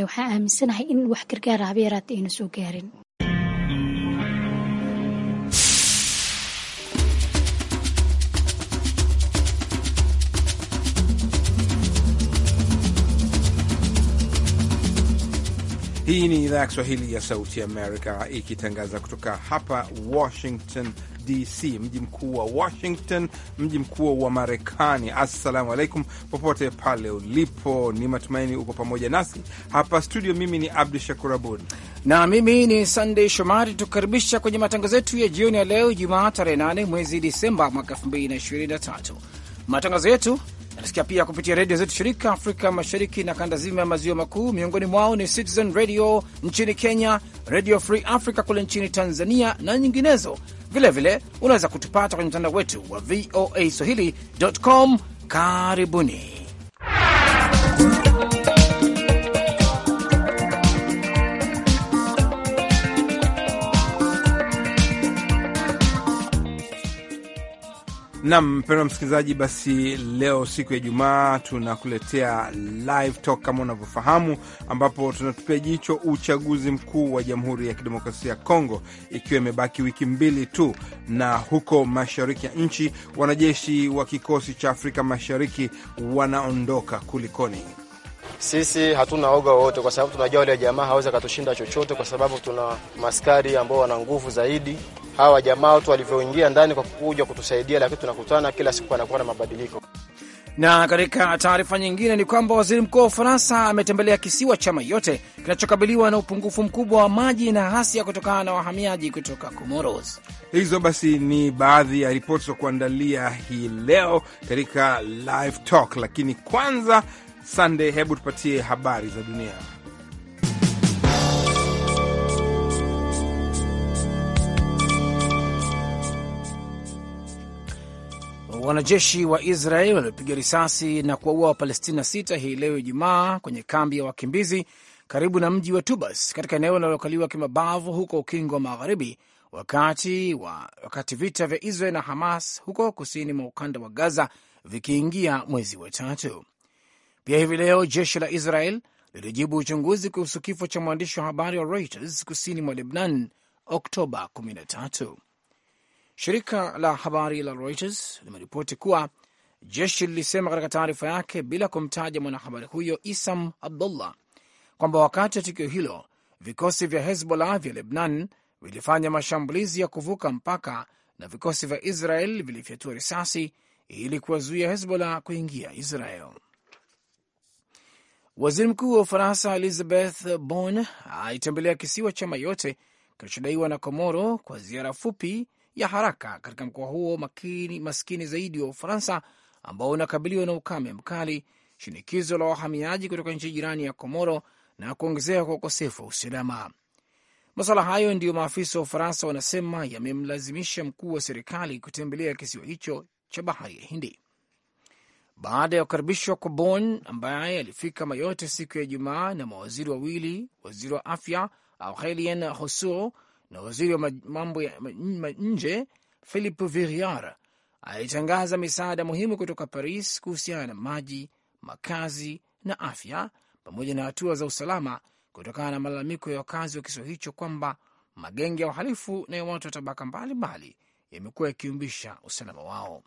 waxaan aaminsanahay in wax gargaara ah haba yaraata ayna soo gaarin Hii ni idhaa ya Kiswahili ya Sauti Amerika ikitangaza kutoka hapa Washington DC, mji mkuu wa Washington, mji mkuu wa Marekani. Assalamu alaikum, popote pale ulipo, ni matumaini uko pamoja nasi hapa studio. Mimi ni Abdu Shakur Abud na mimi ni Sandey Shomari, tukukaribisha kwenye matangazo yetu ya jioni ya leo Jumaa tarehe 8 mwezi Disemba mwaka 2023. Matangazo yetu Nasikia pia kupitia redio zetu shirika Afrika Mashariki na kanda zima ya maziwa makuu. Miongoni mwao ni Citizen Radio nchini Kenya, Radio Free Africa kule nchini Tanzania na nyinginezo. Vilevile unaweza kutupata kwenye mtandao wetu wa VOA swahili.com. Karibuni Nam mpendwa msikilizaji, basi leo siku ya Ijumaa tunakuletea live talk kama unavyofahamu, ambapo tunatupia jicho uchaguzi mkuu wa Jamhuri ya Kidemokrasia ya Kongo, ikiwa imebaki wiki mbili tu. Na huko mashariki ya nchi, wanajeshi wa kikosi cha Afrika Mashariki wanaondoka. Kulikoni? Sisi hatuna oga wowote, kwa sababu tunajua wale jamaa hawezi akatushinda chochote, kwa sababu tuna maskari ambao wana nguvu zaidi. Hawa jamaa watu walivyoingia ndani kwa kuja kutusaidia, lakini tunakutana kila siku anakuwa na mabadiliko. Na katika taarifa nyingine ni kwamba waziri mkuu wa Ufaransa ametembelea kisiwa cha Mayotte kinachokabiliwa na upungufu mkubwa wa maji na ghasia kutokana na wahamiaji kutoka Comoros. Hizo basi ni baadhi ya ripoti za kuandalia hii leo katika Live Talk, lakini kwanza Sande, hebu tupatie habari za dunia. Wanajeshi wa Israel waliopiga risasi na kuwaua Wapalestina sita hii leo Ijumaa kwenye kambi ya wakimbizi karibu na mji wa Tubas katika eneo linalokaliwa kimabavu huko Ukingo wa Magharibi wakati, wa, wakati vita vya Israel na Hamas huko kusini mwa ukanda wa Gaza vikiingia mwezi wa tatu. Pia hivi leo jeshi la Israel lilijibu uchunguzi kuhusu kifo cha mwandishi wa habari wa Reuters kusini mwa Lebanon Oktoba 13. Shirika la habari la Reuters limeripoti kuwa jeshi lilisema katika taarifa yake bila kumtaja mwanahabari huyo Isam Abdullah kwamba wakati wa tukio hilo vikosi vya Hezbollah vya Lebanon vilifanya mashambulizi ya kuvuka mpaka na vikosi vya Israel vilifyatua risasi ili kuwazuia Hezbollah kuingia Israel. Waziri Mkuu wa Ufaransa Elizabeth bon aitembelea kisiwa cha Mayote kinachodaiwa na Komoro kwa ziara fupi ya haraka katika mkoa huo makini, maskini zaidi wa Ufaransa ambao unakabiliwa na ukame mkali, shinikizo la wahamiaji kutoka nchi jirani ya Komoro na kuongezeka kwa ukosefu wa usalama. Masuala hayo ndiyo maafisa wa Ufaransa wanasema yamemlazimisha mkuu wa serikali kutembelea kisiwa hicho cha bahari ya Hindi baada ya kukaribishwa kwa Bon ambaye alifika mayote siku ya Ijumaa na mawaziri wawili, waziri wa afya Aurelien Rousseau na waziri wa mambo ya nje Philip Viriar, alitangaza misaada muhimu kutoka Paris kuhusiana na maji, makazi na afya, pamoja na hatua za usalama, kutokana na malalamiko ya wakazi wa kisiwa hicho kwamba magenge ya uhalifu na ya watu wa tabaka mbalimbali yamekuwa yakiumbisha usalama wao.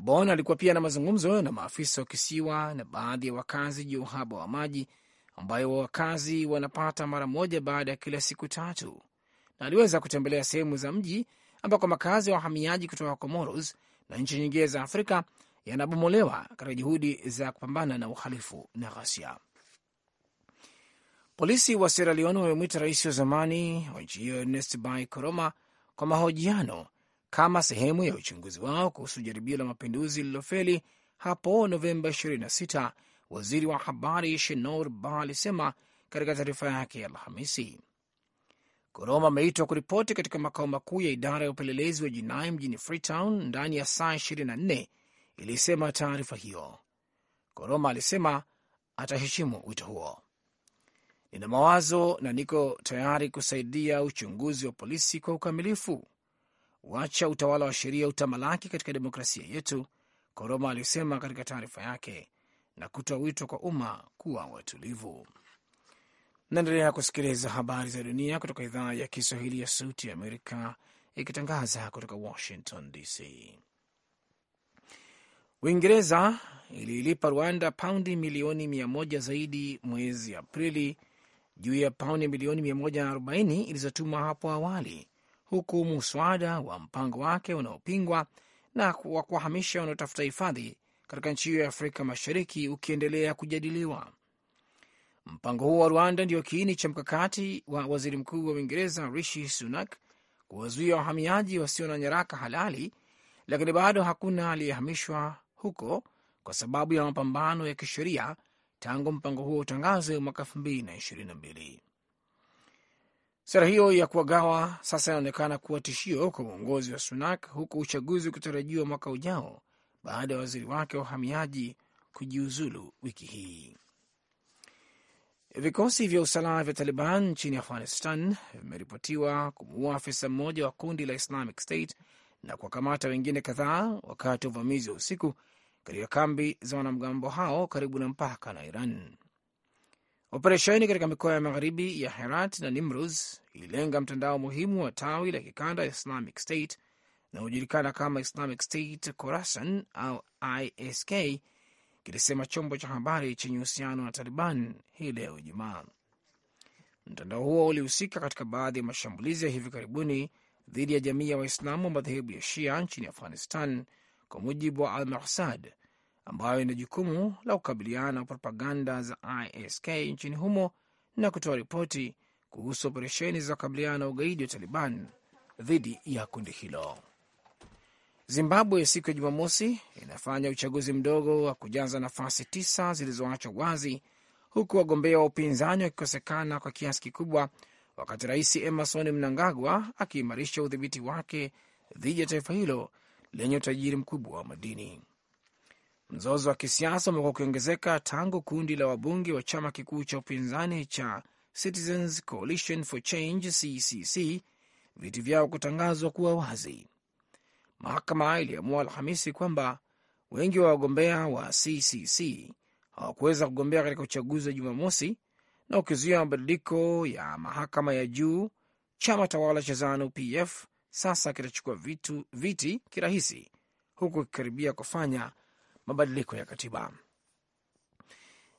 Bon alikuwa pia na mazungumzo na maafisa wa kisiwa na baadhi ya wakazi juu uhaba wa maji ambayo wakazi wanapata mara moja baada ya kila siku tatu, na aliweza kutembelea sehemu za mji ambako makazi ya wa wahamiaji kutoka Comoros na nchi nyingine za Afrika yanabomolewa katika juhudi za kupambana na uhalifu na ghasia. Polisi wa Sierra Leone wamemwita rais wa zamani wa nchi hiyo Ernest Bai Koroma kwa mahojiano kama sehemu ya uchunguzi wao kuhusu jaribio la mapinduzi lililofeli hapo Novemba 26. Waziri wa habari Shenor Ba alisema katika taarifa yake ya Alhamisi. Koroma ameitwa kuripoti katika makao makuu ya idara ya upelelezi wa jinai mjini Freetown ndani ya saa 24, ilisema taarifa hiyo. Koroma alisema ataheshimu wito huo. Nina mawazo na niko tayari kusaidia uchunguzi wa polisi kwa ukamilifu, wacha utawala wa sheria utamalaki katika demokrasia yetu, Koroma alisema katika taarifa yake na kutoa wito kwa umma kuwa watulivu. Naendelea kusikiliza habari za dunia kutoka idhaa ya Kiswahili ya Sauti ya Amerika ikitangaza kutoka Washington DC. Uingereza iliilipa Rwanda paundi milioni mia moja zaidi mwezi Aprili juu ya paundi milioni mia moja na arobaini ilizotumwa hapo awali huku muswada wa mpango wake unaopingwa na wa kuwahamisha wanaotafuta hifadhi katika nchi hiyo ya Afrika Mashariki ukiendelea kujadiliwa. Mpango huo wa Rwanda ndio kiini cha mkakati wa waziri mkuu wa Uingereza Rishi Sunak kuwazuia wahamiaji wasio na nyaraka halali, lakini bado hakuna aliyehamishwa huko kwa sababu ya mapambano ya kisheria tangu mpango huo utangazwe mwaka 2022. Sera hiyo ya kuwagawa sasa inaonekana kuwa tishio kwa uongozi wa Sunak, huku uchaguzi ukitarajiwa mwaka ujao baada ya waziri wake wa uhamiaji kujiuzulu wiki hii. Vikosi vya usalama vya Taliban nchini Afghanistan vimeripotiwa kumuua afisa mmoja wa kundi la Islamic State na kuwakamata wengine kadhaa wakati wa uvamizi wa usiku katika kambi za wanamgambo hao karibu na mpaka na Iran. Operesheni katika mikoa ya magharibi ya Herat na Nimruz ililenga mtandao muhimu wa tawi la kikanda ya Islamic State inayojulikana kama Islamic State Khorasan au ISK, kilisema chombo cha habari chenye uhusiano na Taliban hii leo Ijumaa. Mtandao huo ulihusika katika baadhi ya mashambulizi ya hivi karibuni dhidi ya jamii ya Waislamu wa madhehebu ya Shia nchini Afghanistan, kwa mujibu wa Al Mahsad, ambayo ina jukumu la kukabiliana na propaganda za ISK nchini humo na kutoa ripoti kuhusu operesheni za kukabiliana na ugaidi wa Taliban dhidi ya kundi hilo. Zimbabwe siku ya Jumamosi inafanya uchaguzi mdogo wa kujaza nafasi tisa zilizoachwa wazi huku wagombea wa upinzani wakikosekana kwa kiasi kikubwa, wakati Rais Emerson Mnangagwa akiimarisha udhibiti wake dhidi ya taifa hilo lenye utajiri mkubwa wa madini. Mzozo wa kisiasa umekuwa ukiongezeka tangu kundi la wabunge wa chama kikuu cha upinzani cha Citizens Coalition for Change CCC e viti vyao kutangazwa kuwa wazi. Mahakama iliamua Alhamisi kwamba wengi wa wagombea wa CCC e hawakuweza kugombea katika uchaguzi wa Jumamosi, na ukizuia mabadiliko ya mahakama ya juu, chama tawala cha ZANU PF sasa kitachukua viti kirahisi, huku kikaribia kufanya mabadiliko ya katiba.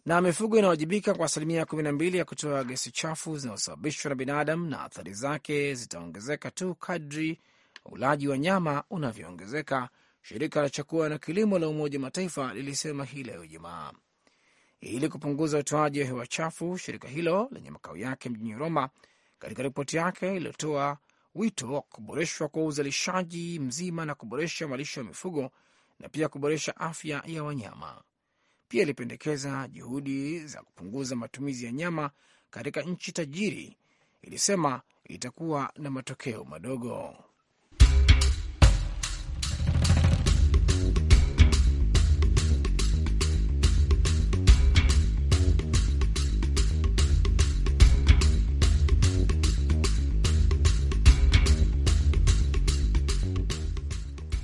Na mifugo inawajibika kwa asilimia kumi na mbili ya kutoa gesi chafu zinazosababishwa na binadamu, na athari zake zitaongezeka tu kadri ulaji wa nyama unavyoongezeka, shirika la chakula na kilimo la Umoja Mataifa lilisema hii leo Ijumaa. Ili kupunguza utoaji wa hewa chafu, shirika hilo lenye makao yake mjini Roma, katika ripoti yake iliyotoa wito wa kuboreshwa kwa uzalishaji mzima na kuboresha malisho ya mifugo na pia kuboresha afya ya wanyama. Pia ilipendekeza juhudi za kupunguza matumizi ya nyama katika nchi tajiri, ilisema itakuwa na matokeo madogo.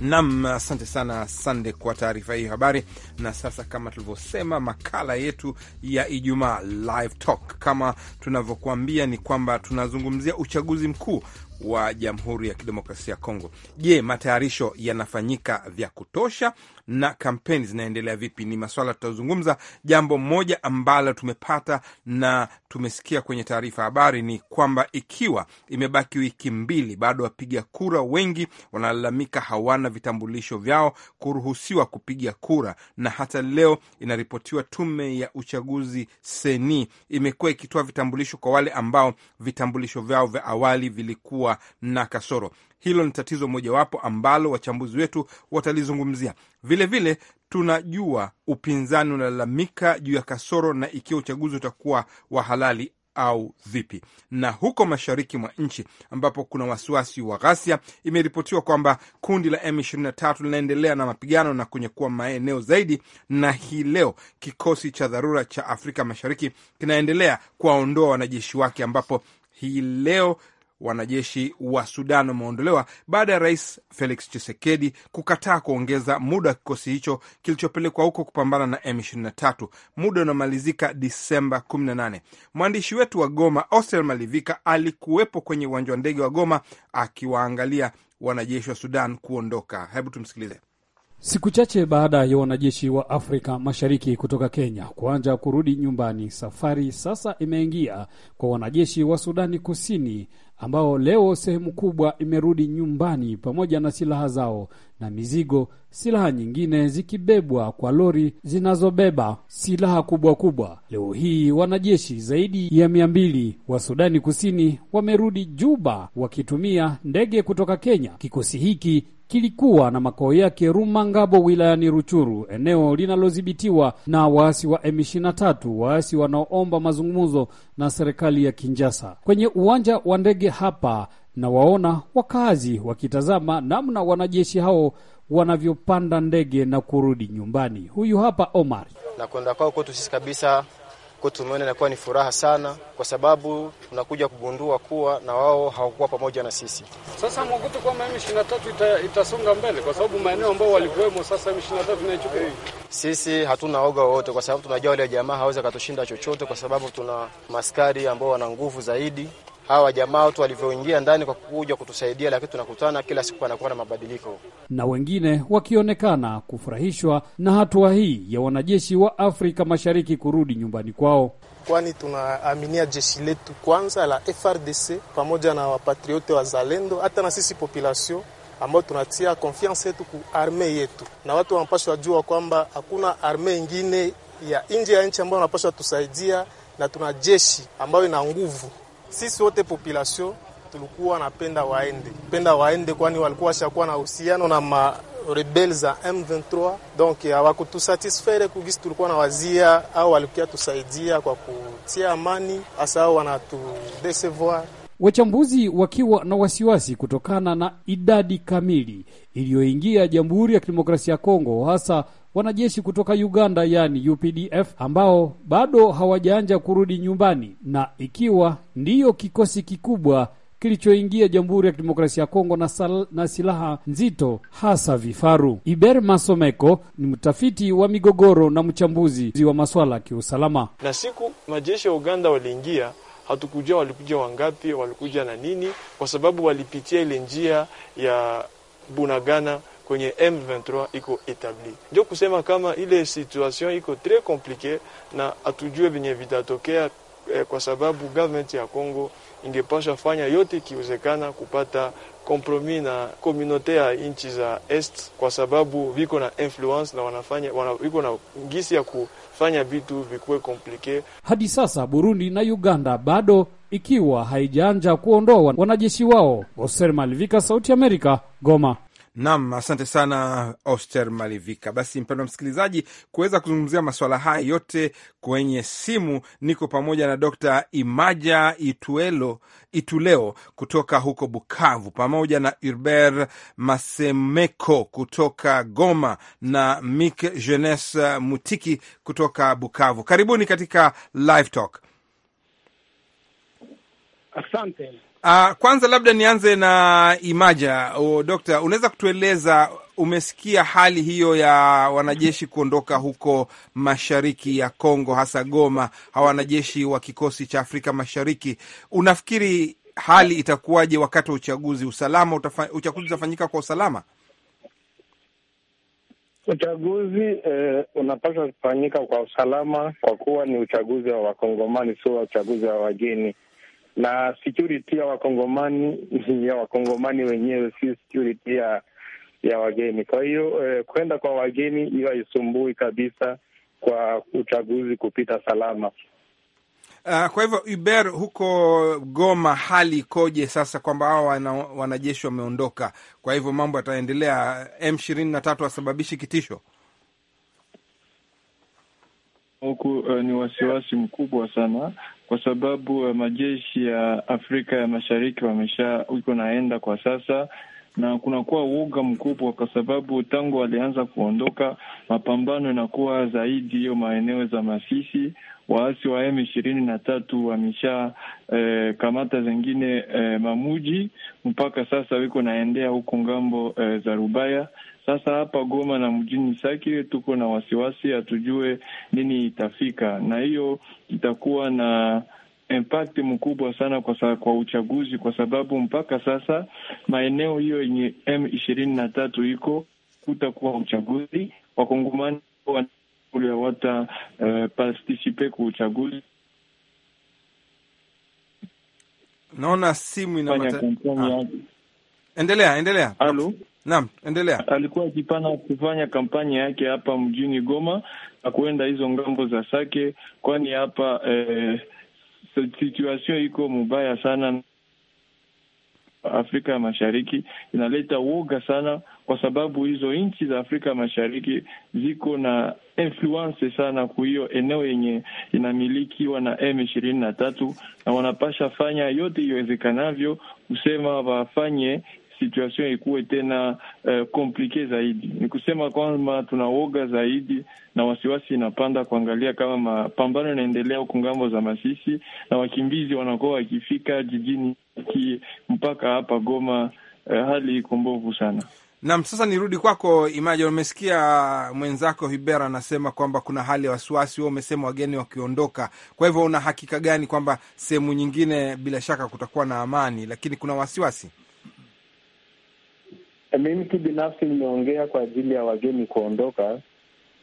Nam, asante sana Sande kwa taarifa hiyo habari. Na sasa kama tulivyosema, makala yetu ya Ijumaa Live Talk, kama tunavyokuambia ni kwamba tunazungumzia uchaguzi mkuu wa Jamhuri ya Kidemokrasia ya Kongo. Je, matayarisho yanafanyika vya kutosha na kampeni zinaendelea vipi, ni maswala tutazungumza. Jambo moja ambalo tumepata na tumesikia kwenye taarifa habari ni kwamba ikiwa imebaki wiki mbili, bado wapiga kura wengi wanalalamika hawana vitambulisho vyao kuruhusiwa kupiga kura, na hata leo inaripotiwa tume ya uchaguzi seni imekuwa ikitoa vitambulisho kwa wale ambao vitambulisho vyao vya awali vilikuwa na kasoro hilo ni tatizo mojawapo ambalo wachambuzi wetu watalizungumzia. Vilevile tunajua upinzani unalalamika juu ya kasoro na ikiwa uchaguzi utakuwa wa halali au vipi. Na huko mashariki mwa nchi ambapo kuna wasiwasi wa ghasia, imeripotiwa kwamba kundi la M23 linaendelea na mapigano na kunyakua maeneo zaidi, na hii leo kikosi cha dharura cha Afrika Mashariki kinaendelea kuwaondoa wanajeshi wake, ambapo hii leo wanajeshi wa Sudan wameondolewa baada ya rais Felix Chisekedi kukataa kuongeza muda wa kikosi hicho kilichopelekwa huko kupambana na M23, muda unamalizika Disemba 18. Mwandishi wetu wa Goma, Osel Malivika, alikuwepo kwenye uwanja wa ndege wa Goma akiwaangalia wanajeshi wa Sudan kuondoka. Hebu tumsikilize. Siku chache baada ya wanajeshi wa Afrika Mashariki kutoka Kenya kuanja kurudi nyumbani, safari sasa imeingia kwa wanajeshi wa Sudani Kusini ambao leo sehemu kubwa imerudi nyumbani pamoja na silaha zao na mizigo, silaha nyingine zikibebwa kwa lori zinazobeba silaha kubwa kubwa. Leo hii wanajeshi zaidi ya mia mbili wa Sudani Kusini wamerudi Juba wakitumia ndege kutoka Kenya. Kikosi hiki kilikuwa na makao yake Rumangabo wilayani Ruchuru, eneo linalodhibitiwa na waasi wa M23, waasi wanaoomba mazungumzo na serikali ya Kinjasa. Kwenye uwanja wa ndege hapa na waona wakazi wakitazama namna wanajeshi hao wanavyopanda ndege na kurudi nyumbani. Huyu hapa Omar. Na kwenda kwao kwetu sisi kabisa kwa tumeona inakuwa ni furaha sana, kwa sababu tunakuja kugundua kuwa na wao hawakuwa pamoja na sisi. Sasa mwakuti kwamba M23 ita, itasonga mbele, kwa sababu maeneo ambayo walikuwemo sasa M23 inaichukua. Sisi hatuna woga wowote, kwa sababu tunajua wale jamaa hawezi akatushinda chochote, kwa sababu tuna maskari ambao wana nguvu zaidi hawa jamaa watu walivyoingia ndani kwa kuja kutusaidia, lakini tunakutana kila siku anakuwa na mabadiliko, na wengine wakionekana kufurahishwa na hatua hii ya wanajeshi wa Afrika Mashariki kurudi nyumbani kwao, kwani tunaaminia jeshi letu kwanza la FRDC pamoja na wapatriote wazalendo, hata na sisi population ambao tunatia konfiansa yetu ku arme yetu, na watu wanapashwa jua kwamba hakuna arme ingine ya nje ya nchi ambayo wanapashwa tusaidia, na tuna jeshi ambayo ina nguvu sisi wote population tulikuwa wanapenda waende penda waende, kwani walikuwa washakuwa na uhusiano na marebel za M23, donc hawakutusatisfaire kugisi tulikuwa na wazia au walikuwa tusaidia kwa kutia amani, hasa au wanatudesevoir. Wachambuzi wakiwa na wasiwasi kutokana na idadi kamili iliyoingia Jamhuri ya Kidemokrasia ya Kongo hasa wanajeshi kutoka Uganda yani UPDF ambao bado hawajaanza kurudi nyumbani na ikiwa ndiyo kikosi kikubwa kilichoingia Jamhuri ya Kidemokrasia ya Kongo na, sal, na silaha nzito hasa vifaru. Iber Masomeko ni mtafiti wa migogoro na mchambuzi wa masuala ya kiusalama. Na siku majeshi ya Uganda waliingia, hatukujua walikuja wangapi, walikuja na nini, kwa sababu walipitia ile njia ya Bunagana kwenye M23 iko etabli. Ndio kusema kama ile situation iko tre komplike na atujue venye vitatokea eh, kwa sababu government ya Congo ingepasha fanya yote ikiwezekana kupata kompromi na komunote ya nchi za est, kwa sababu viko na influence na wanafanya wana, viko na ngisi ya kufanya vitu vikuwe komplike. Hadi sasa Burundi na Uganda bado ikiwa haijaanja kuondoa wanajeshi wao. Oser Malivika, Sauti Amerika, Goma. Nam, asante sana Oster Malivika. Basi mpendwa msikilizaji, kuweza kuzungumzia masuala haya yote kwenye simu, niko pamoja na Dr Imaja Ituelo, Ituleo kutoka huko Bukavu, pamoja na urbert Masemeko kutoka Goma na Mik jenes Mutiki kutoka Bukavu. Karibuni katika Live Talk. Asante. Uh, kwanza labda nianze na Imaja. Oh, dokta, unaweza kutueleza umesikia hali hiyo ya wanajeshi kuondoka huko mashariki ya Kongo, hasa Goma, hawa wanajeshi wa kikosi cha Afrika Mashariki. Unafikiri hali itakuwaje wakati wa uchaguzi? Usalama utafa, uchaguzi utafanyika kwa usalama? Uchaguzi eh, unapaswa kufanyika kwa usalama, kwa kuwa ni uchaguzi wa Wakongomani, sio uchaguzi wa wageni na security ya wakongomani ni ya wakongomani wenyewe, si security ya ya wageni. Kwa hiyo eh, kwenda kwa wageni hiyo haisumbui kabisa kwa uchaguzi kupita salama. Uh, kwa hivyo Uber, huko Goma hali ikoje sasa, kwamba hawa wana, wanajeshi wameondoka, kwa hivyo mambo yataendelea? M ishirini na tatu wasababishi kitisho huku uh, ni wasiwasi mkubwa sana kwa sababu uh, majeshi ya Afrika ya Mashariki wamesha iko naenda kwa sasa, na kunakuwa uoga mkubwa kwa sababu tangu walianza kuondoka, mapambano inakuwa zaidi hiyo maeneo za Masisi. Waasi wa M ishirini na tatu wamesha eh, kamata zengine eh, mamuji mpaka sasa wiko naendea huko ngambo eh, za Rubaya sasa hapa Goma na mjini Sake tuko na wasiwasi, hatujue nini itafika, na hiyo itakuwa na impact mkubwa sana kwa, sa, kwa uchaguzi, kwa sababu mpaka sasa maeneo hiyo yenye M ishirini na tatu iko kutakuwa uchaguzi. Wakongomani wata uh, eh, partisipe kwa uchaguzi. Naona simu ina ah. endelea endelea. Halo. Naam, endelea. Alikuwa akipana kufanya kampanya yake hapa mjini Goma na kuenda hizo ngambo za Sake, kwani hapa eh, situation iko mubaya sana. Afrika ya Mashariki inaleta woga sana, kwa sababu hizo nchi za Afrika Mashariki ziko na influence sana ku hiyo eneo yenye inamilikiwa na M 23 na tatu, na wanapasha fanya yote iwezekanavyo kusema wafanye situation ikuwe tena uh, eh, komplike zaidi. Ni kusema kwamba tunaoga zaidi na wasiwasi inapanda kuangalia kama mapambano inaendelea huku ngambo za Masisi, na wakimbizi wanakuwa wakifika jijini ki mpaka hapa Goma. Uh, hali iko mbovu sana. Naam, sasa nirudi kwako Imaja. Umesikia mwenzako Hiber anasema kwamba kuna hali ya wasiwasi. Wewe umesema wageni wakiondoka, kwa hivyo una hakika gani kwamba sehemu nyingine bila shaka kutakuwa na amani, lakini kuna wasiwasi mimi tu binafsi nimeongea kwa ajili ya wageni kuondoka,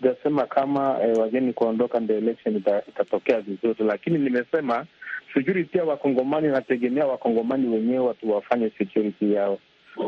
sijasema kama eh, wageni kuondoka ndio election itatokea vizuri, lakini nimesema security pia wakongomani wanategemea wakongomani wenyewe watu wafanye security yao,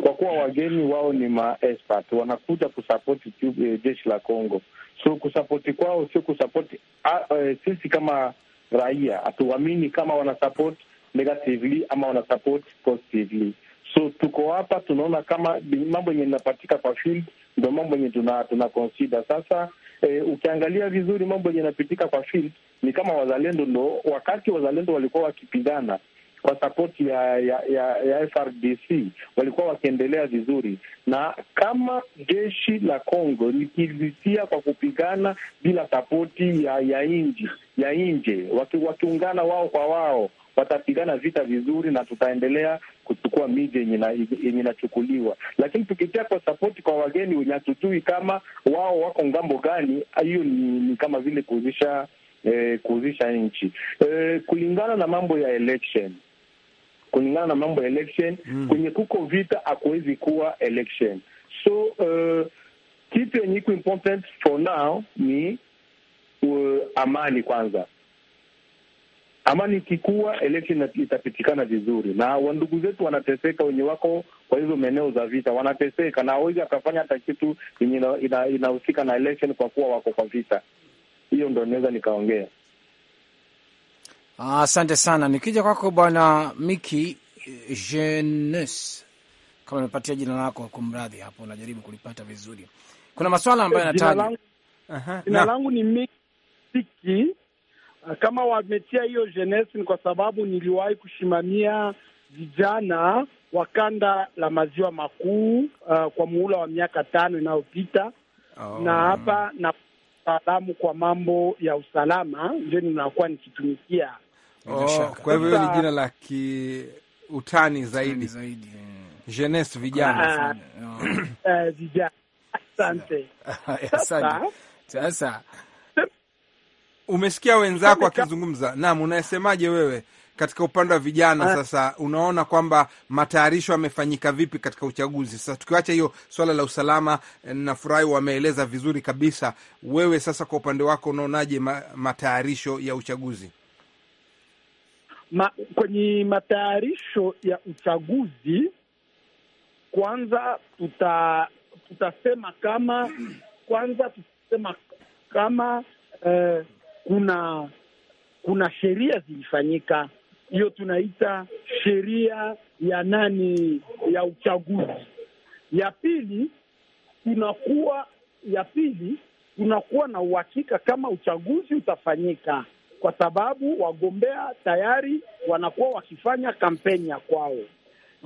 kwa kuwa wageni wao ni maexpert wanakuja kusapoti eh, jeshi la Congo, so kusapoti kwao sio kusapoti uh, ah, eh, sisi kama raia hatuamini kama wanasapoti negatively ama wanasapoti positively So tuko hapa tunaona kama mambo yenye inapatika kwa field ndo mambo yenye tuna, tuna consider sasa. E, ukiangalia vizuri mambo yenye inapitika kwa field ni kama wazalendo ndo, wakati wazalendo walikuwa wakipigana kwa sapoti ya, ya, ya, ya FRDC walikuwa wakiendelea vizuri, na kama jeshi la Congo likizisia kwa kupigana bila sapoti ya ya inji, ya nje, wakiungana waki wao kwa wao watapigana vita vizuri na tutaendelea kuchukua miji yenye inachukuliwa, lakini tukitia kwa sapoti kwa wageni wenye hatujui kama wao wako ngambo gani, hiyo ni, ni kama vile kuuzisha eh, kuuzisha nchi eh, kulingana na mambo ya election kulingana na mambo ya election mm. Kwenye kuko vita hakuwezi kuwa election, so uh, kitu yenye iko important for now ni uh, amani kwanza amani ikikuwa, election itapitikana vizuri, na wandugu zetu wanateseka, wenye wako kwa hizo maeneo za vita wanateseka, na hawezi akafanya hata kitu yenye inahusika na election kwa kuwa wako kwa vita. Hiyo ndo naweza nikaongea. Asante ah, sana. Nikija kwako bwana Miki Jenes, kama nimepatia jina lako, kumradhi hapo, najaribu kulipata vizuri. Kuna maswala ambayo yanataja. Eh, jina langu ni Miki Ah, kama wametia hiyo jeunesse, ni kwa sababu niliwahi kusimamia vijana wa kanda la maziwa makuu uh, kwa muhula wa miaka tano inayopita oh. Na hapa na salamu kwa mambo ya usalama ndio ninakuwa nikitumikia oh. Kwa hivyo hiyo ni jina la kiutani zaidi, zaidi. Jeunesse, vijana, ah. oh. eh, vijana. Asante sasa umesikia wenzako akizungumza. Naam, unasemaje wewe katika upande wa vijana ha? Ah. Sasa unaona kwamba matayarisho yamefanyika vipi katika uchaguzi? Sasa tukiwacha hiyo swala la usalama, eh, nafurahi wameeleza vizuri kabisa. Wewe sasa kwa upande wako unaonaje matayarisho ya uchaguzi? Ma, kwenye matayarisho ya uchaguzi kwanza tuta, tutasema kama kwanza tutasema kama eh, kuna kuna sheria zilifanyika, hiyo tunaita sheria ya nani, ya uchaguzi. Ya pili tunakuwa ya pili tunakuwa na uhakika kama uchaguzi utafanyika, kwa sababu wagombea tayari wanakuwa wakifanya kampeni ya kwao.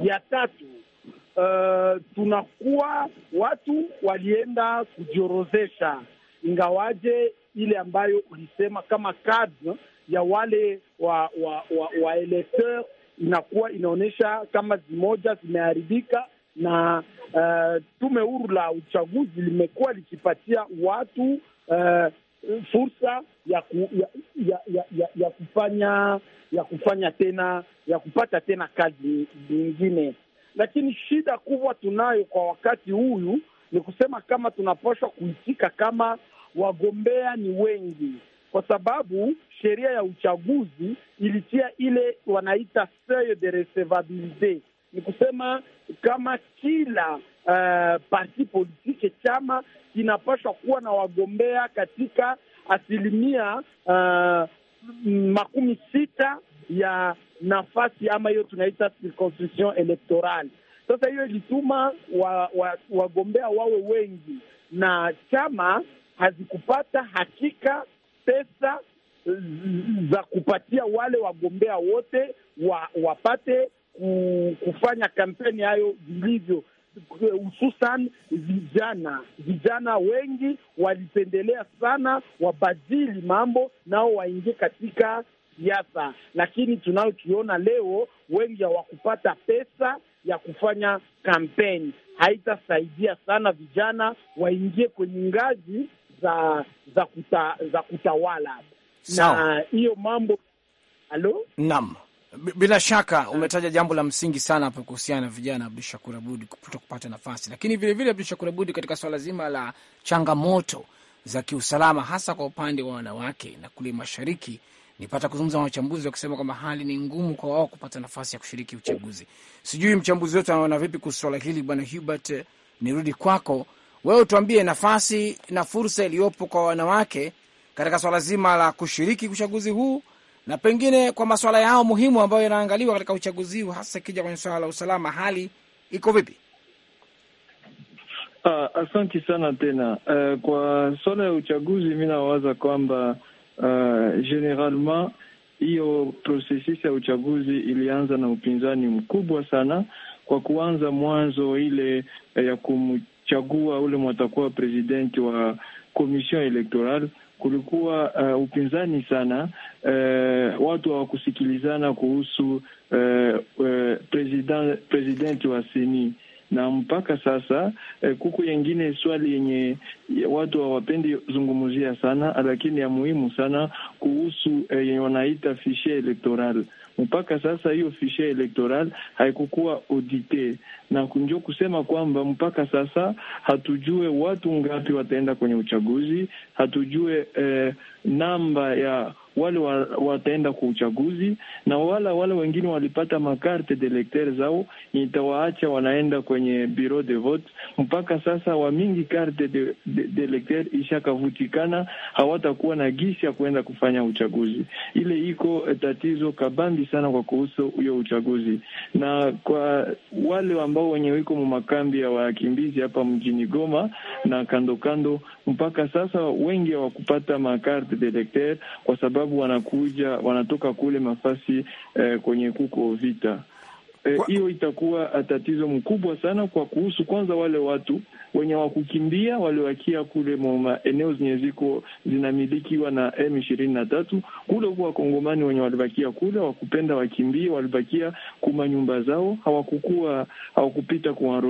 Ya tatu uh, tunakuwa watu walienda kujiorozesha, ingawaje ile ambayo ulisema kama cadre ya wale wa wa, wa, wa electeur inakuwa inaonyesha kama zimoja zimeharibika na uh, tume huru la uchaguzi limekuwa likipatia watu uh, fursa ya, ku, ya, ya, ya, ya, ya kufanya ya kufanya tena ya kupata tena kazi nyingine, lakini shida kubwa tunayo kwa wakati huyu ni kusema kama tunapaswa kuitika kama wagombea ni wengi, kwa sababu sheria ya uchaguzi ilitia ile wanaita seuil de recevabilite, ni kusema kama kila uh, parti politike chama kinapashwa kuwa na wagombea katika asilimia uh, makumi sita ya nafasi ama hiyo tunaita circonscription electorale. Sasa hiyo ilituma wagombea wa, wa wawe wengi na chama hazikupata hakika pesa za kupatia wale wagombea wote wa, wapate kufanya kampeni hayo vilivyo, hususan vijana. Vijana wengi walipendelea sana wabadili mambo, nao waingie katika siasa, lakini tunayokiona leo, wengi hawakupata pesa ya kufanya kampeni. Haitasaidia sana vijana waingie kwenye ngazi za za, kuta, za kutawala na hiyo mambo. Halo, naam, bila shaka umetaja jambo la msingi sana hapo kuhusiana na vijana, Abdu Shakur Abudi, kuto kupata nafasi, lakini vilevile Abdu Shakur Abudi, katika swala zima la changamoto za kiusalama, hasa kwa upande wa wanawake na kule mashariki nipata kuzungumza na wachambuzi wakisema kwamba hali ni ngumu kwa wao kupata nafasi ya kushiriki uchaguzi. Sijui mchambuzi wetu anaona vipi kuhusu swala hili, Bwana Hubert, nirudi kwako. Wewe tuambie nafasi na fursa iliyopo kwa wanawake katika swala zima la kushiriki uchaguzi huu na pengine kwa maswala yao muhimu ambayo yanaangaliwa katika uchaguzi huu, hasa ikija kwenye swala la usalama, hali iko vipi? Uh, asante sana tena. Uh, kwa swala ya uchaguzi mi nawaza kwamba uh, eh, generalement hiyo processus ya uchaguzi ilianza na upinzani mkubwa sana kwa kuanza mwanzo ile eh, ya kumu, chagua ule mwatakuwa presidenti wa komision electoral kulikuwa uh, upinzani sana uh, watu hawakusikilizana kuhusu uh, uh, president, presidenti wa seni na mpaka sasa eh, kuku yengine swali yenye watu hawapendi zungumzia sana, lakini ya muhimu sana kuhusu eh, wanaita fishe elektoral. Mpaka sasa hiyo fishe elektoral haikukuwa audite, na ndio kusema kwamba mpaka sasa hatujue watu ngapi wataenda kwenye uchaguzi, hatujue eh, namba ya wale wataenda kwa uchaguzi na wala wale wengine walipata makarte de lecteur zao itawaacha wanaenda kwenye bureau de vote. Mpaka sasa wamingi karte de, de, de lecteur ishakavutikana, hawatakuwa na gisi ya kuenda kufanya uchaguzi. Ile iko eh, tatizo kabambi sana kwa kuhusu huyo uchaguzi, na kwa wale ambao wenye wiko mumakambi ya wakimbizi hapa mjini Goma na kando kando, mpaka sasa wengi hawakupata makarte de lecteur kwa sababu sababu wanakuja wanatoka kule mafasi eh, kwenye kuko vita eh, hiyo eh, itakuwa tatizo mkubwa sana kwa kuhusu kwanza wale watu wenye wakukimbia walioakia kule maeneo zenye ziko zinamilikiwa na M ishirini na tatu kule huko. Wakongomani wenye walibakia kule wakupenda wakimbie, walibakia kuma nyumba zao, hawakukuwa hawakupita kwa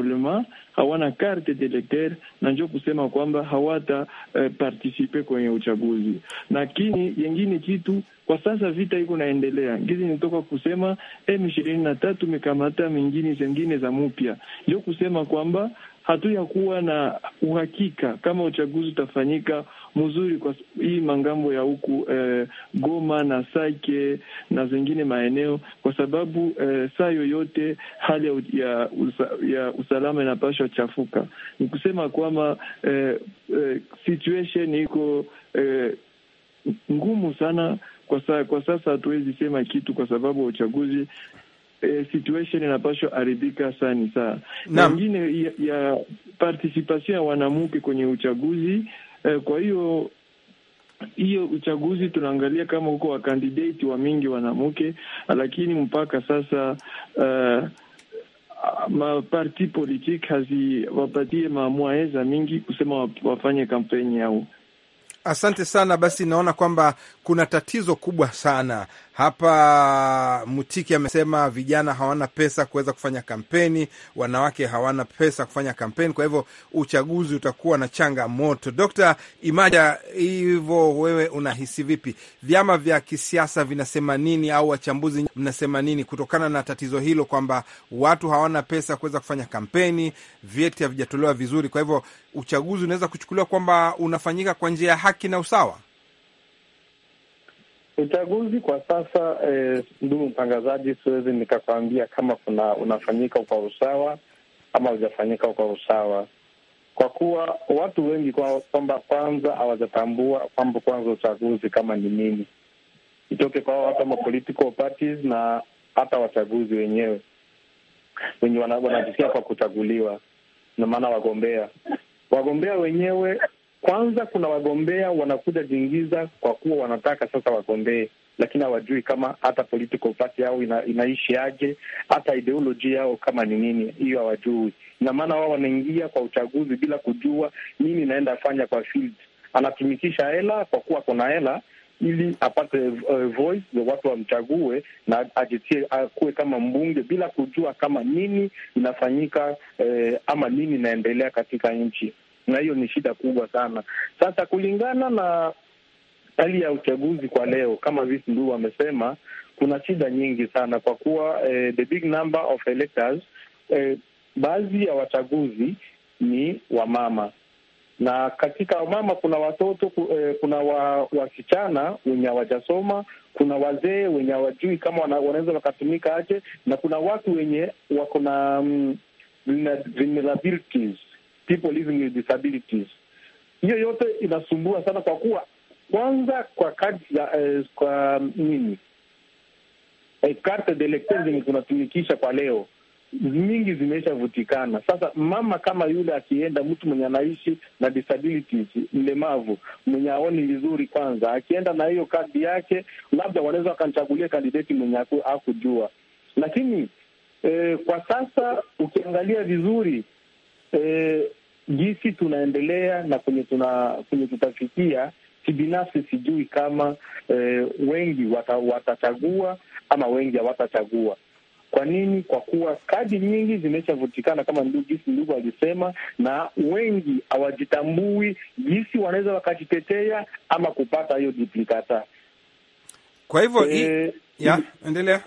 hawana carte d'electeur, na njo kusema kwamba hawata eh, partisipe kwenye uchaguzi. Lakini yengine kitu kwa sasa vita iko naendelea ngizi nitoka kusema M ishirini na tatu imekamata mingine zengine za mupya, ndio kusema kwamba hatuya kuwa na uhakika kama uchaguzi utafanyika mzuri kwa hii mangambo ya huku eh, Goma na Sake na zingine maeneo, kwa sababu eh, saa yoyote hali ya, ya, ya usalama inapashwa chafuka. Ni kusema kwamba eh, eh, situation iko eh, ngumu sana kwa, sa, kwa sasa hatuwezi sema kitu kwa sababu ya uchaguzi e, situation inapashwa haribika sana saa na nyingine ya, ya participation ya wanamke kwenye uchaguzi e, kwa hiyo hiyo uchaguzi tunaangalia kama huko wakandidati wa mingi wanamke, lakini mpaka sasa uh, eh, maparti politique haziwapatie mamwaeza mingi kusema wafanye kampeni yao. Asante sana. Basi naona kwamba kuna tatizo kubwa sana hapa. Mutiki amesema vijana hawana pesa kuweza kufanya kampeni, wanawake hawana pesa kufanya kampeni, kwa hivyo uchaguzi utakuwa na changamoto. Dr. Imaja, hivyo wewe unahisi vipi? Vyama vya kisiasa vinasema nini, au wachambuzi mnasema nini kutokana na tatizo hilo, kwamba watu hawana pesa kuweza kufanya kampeni, vyeti havijatolewa vizuri, kwa hivyo uchaguzi unaweza kuchukuliwa kwamba unafanyika kwa njia ya haki na usawa? Uchaguzi kwa sasa, eh, ndugu eh, mtangazaji, siwezi nikakwambia kama kuna unafanyika kwa usawa ama hujafanyika kwa usawa, kwa kuwa watu wengi kwamba kwanza hawajatambua kwamba kwanza uchaguzi kama ni nini, itoke kwa watu ama political parties na hata wachaguzi wenyewe wenye wanajisikia kwa kuchaguliwa, na maana wagombea wagombea wenyewe kwanza kuna wagombea wanakuja jingiza kwa kuwa wanataka sasa wagombee, lakini hawajui kama hata political party yao ina, inaishi aje, hata ideoloji yao kama ni nini, hiyo hawajui. Ina maana wao wanaingia kwa uchaguzi bila kujua nini inaenda fanya kwa field. Anatumikisha hela kwa kuwa kuna hela ili apate uh, voice watu wamchague na ajitie akuwe kama mbunge bila kujua kama nini inafanyika eh, ama nini inaendelea katika nchi na hiyo ni shida kubwa sana. Sasa kulingana na hali ya uchaguzi kwa leo, kama visi ndugu amesema, kuna shida nyingi sana kwa kuwa eh, the big number of electors eh, baadhi ya wachaguzi ni wamama na katika wamama kuna watoto, eh, kuna wasichana wenye hawajasoma, kuna wazee wenye hawajui kama wanaweza wakatumika aje, na kuna watu wenye wako na mm, vulnerabilities people living with disabilities. Hiyo yote inasumbua sana, kwa kuwa kwanza kwa kati ya eh, kwa mm, nini eh, karte delecteur zenye tunatumikisha kwa leo mingi zimeshavutikana. Sasa mama kama yule akienda, mtu mwenye anaishi na disabilities, mlemavu mwenye aoni vizuri, kwanza akienda na hiyo kadi yake, labda wanaweza wakamchagulia kandideti mwenye akujua Lakini eh, kwa sasa ukiangalia vizuri eh, jinsi tunaendelea na kwenye tuna kwenye tutafikia, kibinafsi sijui kama eh, wengi wata, watachagua ama wengi hawatachagua. Kwa nini? Kwa kuwa kadi nyingi zimeshavutikana kama ndugu jinsi ndugu alisema, na wengi hawajitambui jinsi wanaweza wakajitetea ama kupata hiyo duplikata. Kwa hivyo eh, ya endelea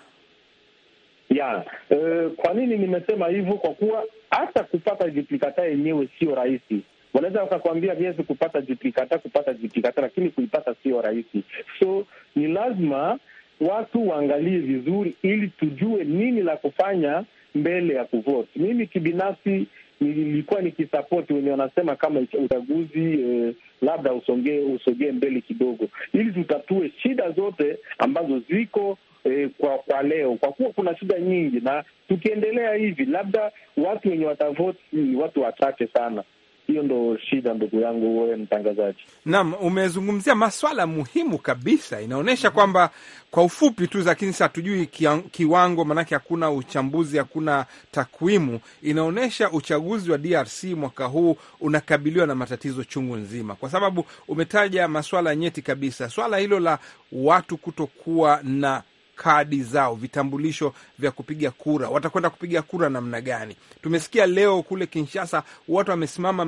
ya eh, kwa nini nimesema hivyo? Kwa kuwa hata kupata duplikata yenyewe sio rahisi. Wanaweza wakakwambia viwezi kupata duplikata, kupata duplikata, lakini kuipata sio rahisi. So ni lazima watu waangalie vizuri, ili tujue nini la kufanya mbele ya kuvote. Mimi kibinafsi nilikuwa nikisapoti wenye wanasema kama uchaguzi eh, labda usongee usogee mbele kidogo, ili tutatue shida zote ambazo ziko e, kwa kwa leo, kwa kuwa kuna shida nyingi, na tukiendelea hivi, labda watu wenye watavoti ni watu wachache sana. Hiyo ndo shida, ndugu yangu wewe mtangazaji. Naam, umezungumzia maswala muhimu kabisa, inaonyesha kwamba kwa ufupi tu, lakini sasa hatujui kiwango, maanake hakuna uchambuzi, hakuna takwimu. Inaonyesha uchaguzi wa DRC mwaka huu unakabiliwa na matatizo chungu nzima, kwa sababu umetaja maswala nyeti kabisa, swala hilo la watu kutokuwa na kadi zao, vitambulisho vya kupiga kura, watakwenda kupiga kura namna gani? Tumesikia leo kule Kinshasa watu wamesimama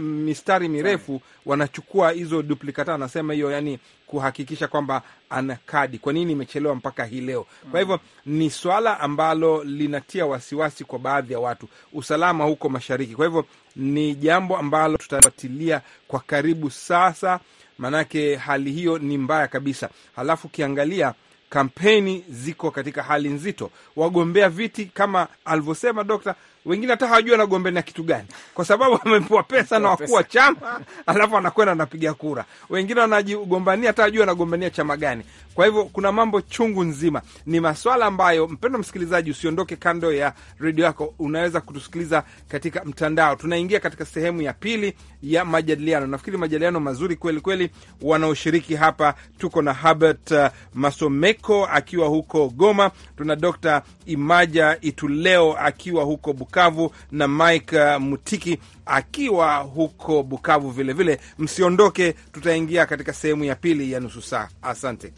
mistari mirefu, wanachukua hizo duplikata, anasema hiyo yani kuhakikisha kwamba ana kadi. Kwa nini imechelewa mpaka hii leo? Kwa hivyo ni swala ambalo linatia wasiwasi kwa baadhi ya watu, usalama huko mashariki. Kwa hivyo ni jambo ambalo tutafuatilia kwa karibu sasa, maanake hali hiyo ni mbaya kabisa. Halafu ukiangalia kampeni ziko katika hali nzito, wagombea viti kama alivyosema Dokta wengine hata hawajui anagombania kitu gani, kwa sababu amepewa pesa na wakuu wa chama, alafu anakwenda anapiga kura. Wengine wanajigombania hata hawajui wanagombania chama gani. Kwa hivyo kuna mambo chungu nzima, ni maswala ambayo, mpendo msikilizaji, usiondoke kando ya redio yako, unaweza kutusikiliza katika mtandao. Tunaingia katika sehemu ya pili ya majadiliano. Nafikiri majadiliano mazuri kweli kweli wanaoshiriki hapa. Tuko na Herbert uh, Masomeko akiwa huko Goma, tuna Dr. Imaja Ituleo akiwa huko Buka. Bukavu na Mike uh, Mutiki akiwa huko Bukavu vilevile Msiondoke, tutaingia katika sehemu ya pili ya nusu saa. Asante.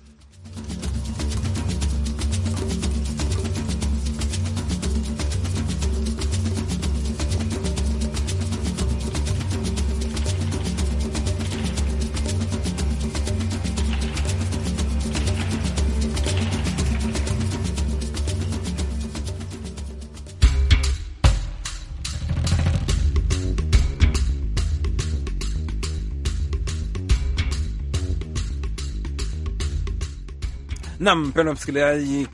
Nam mpendo msikilizaji,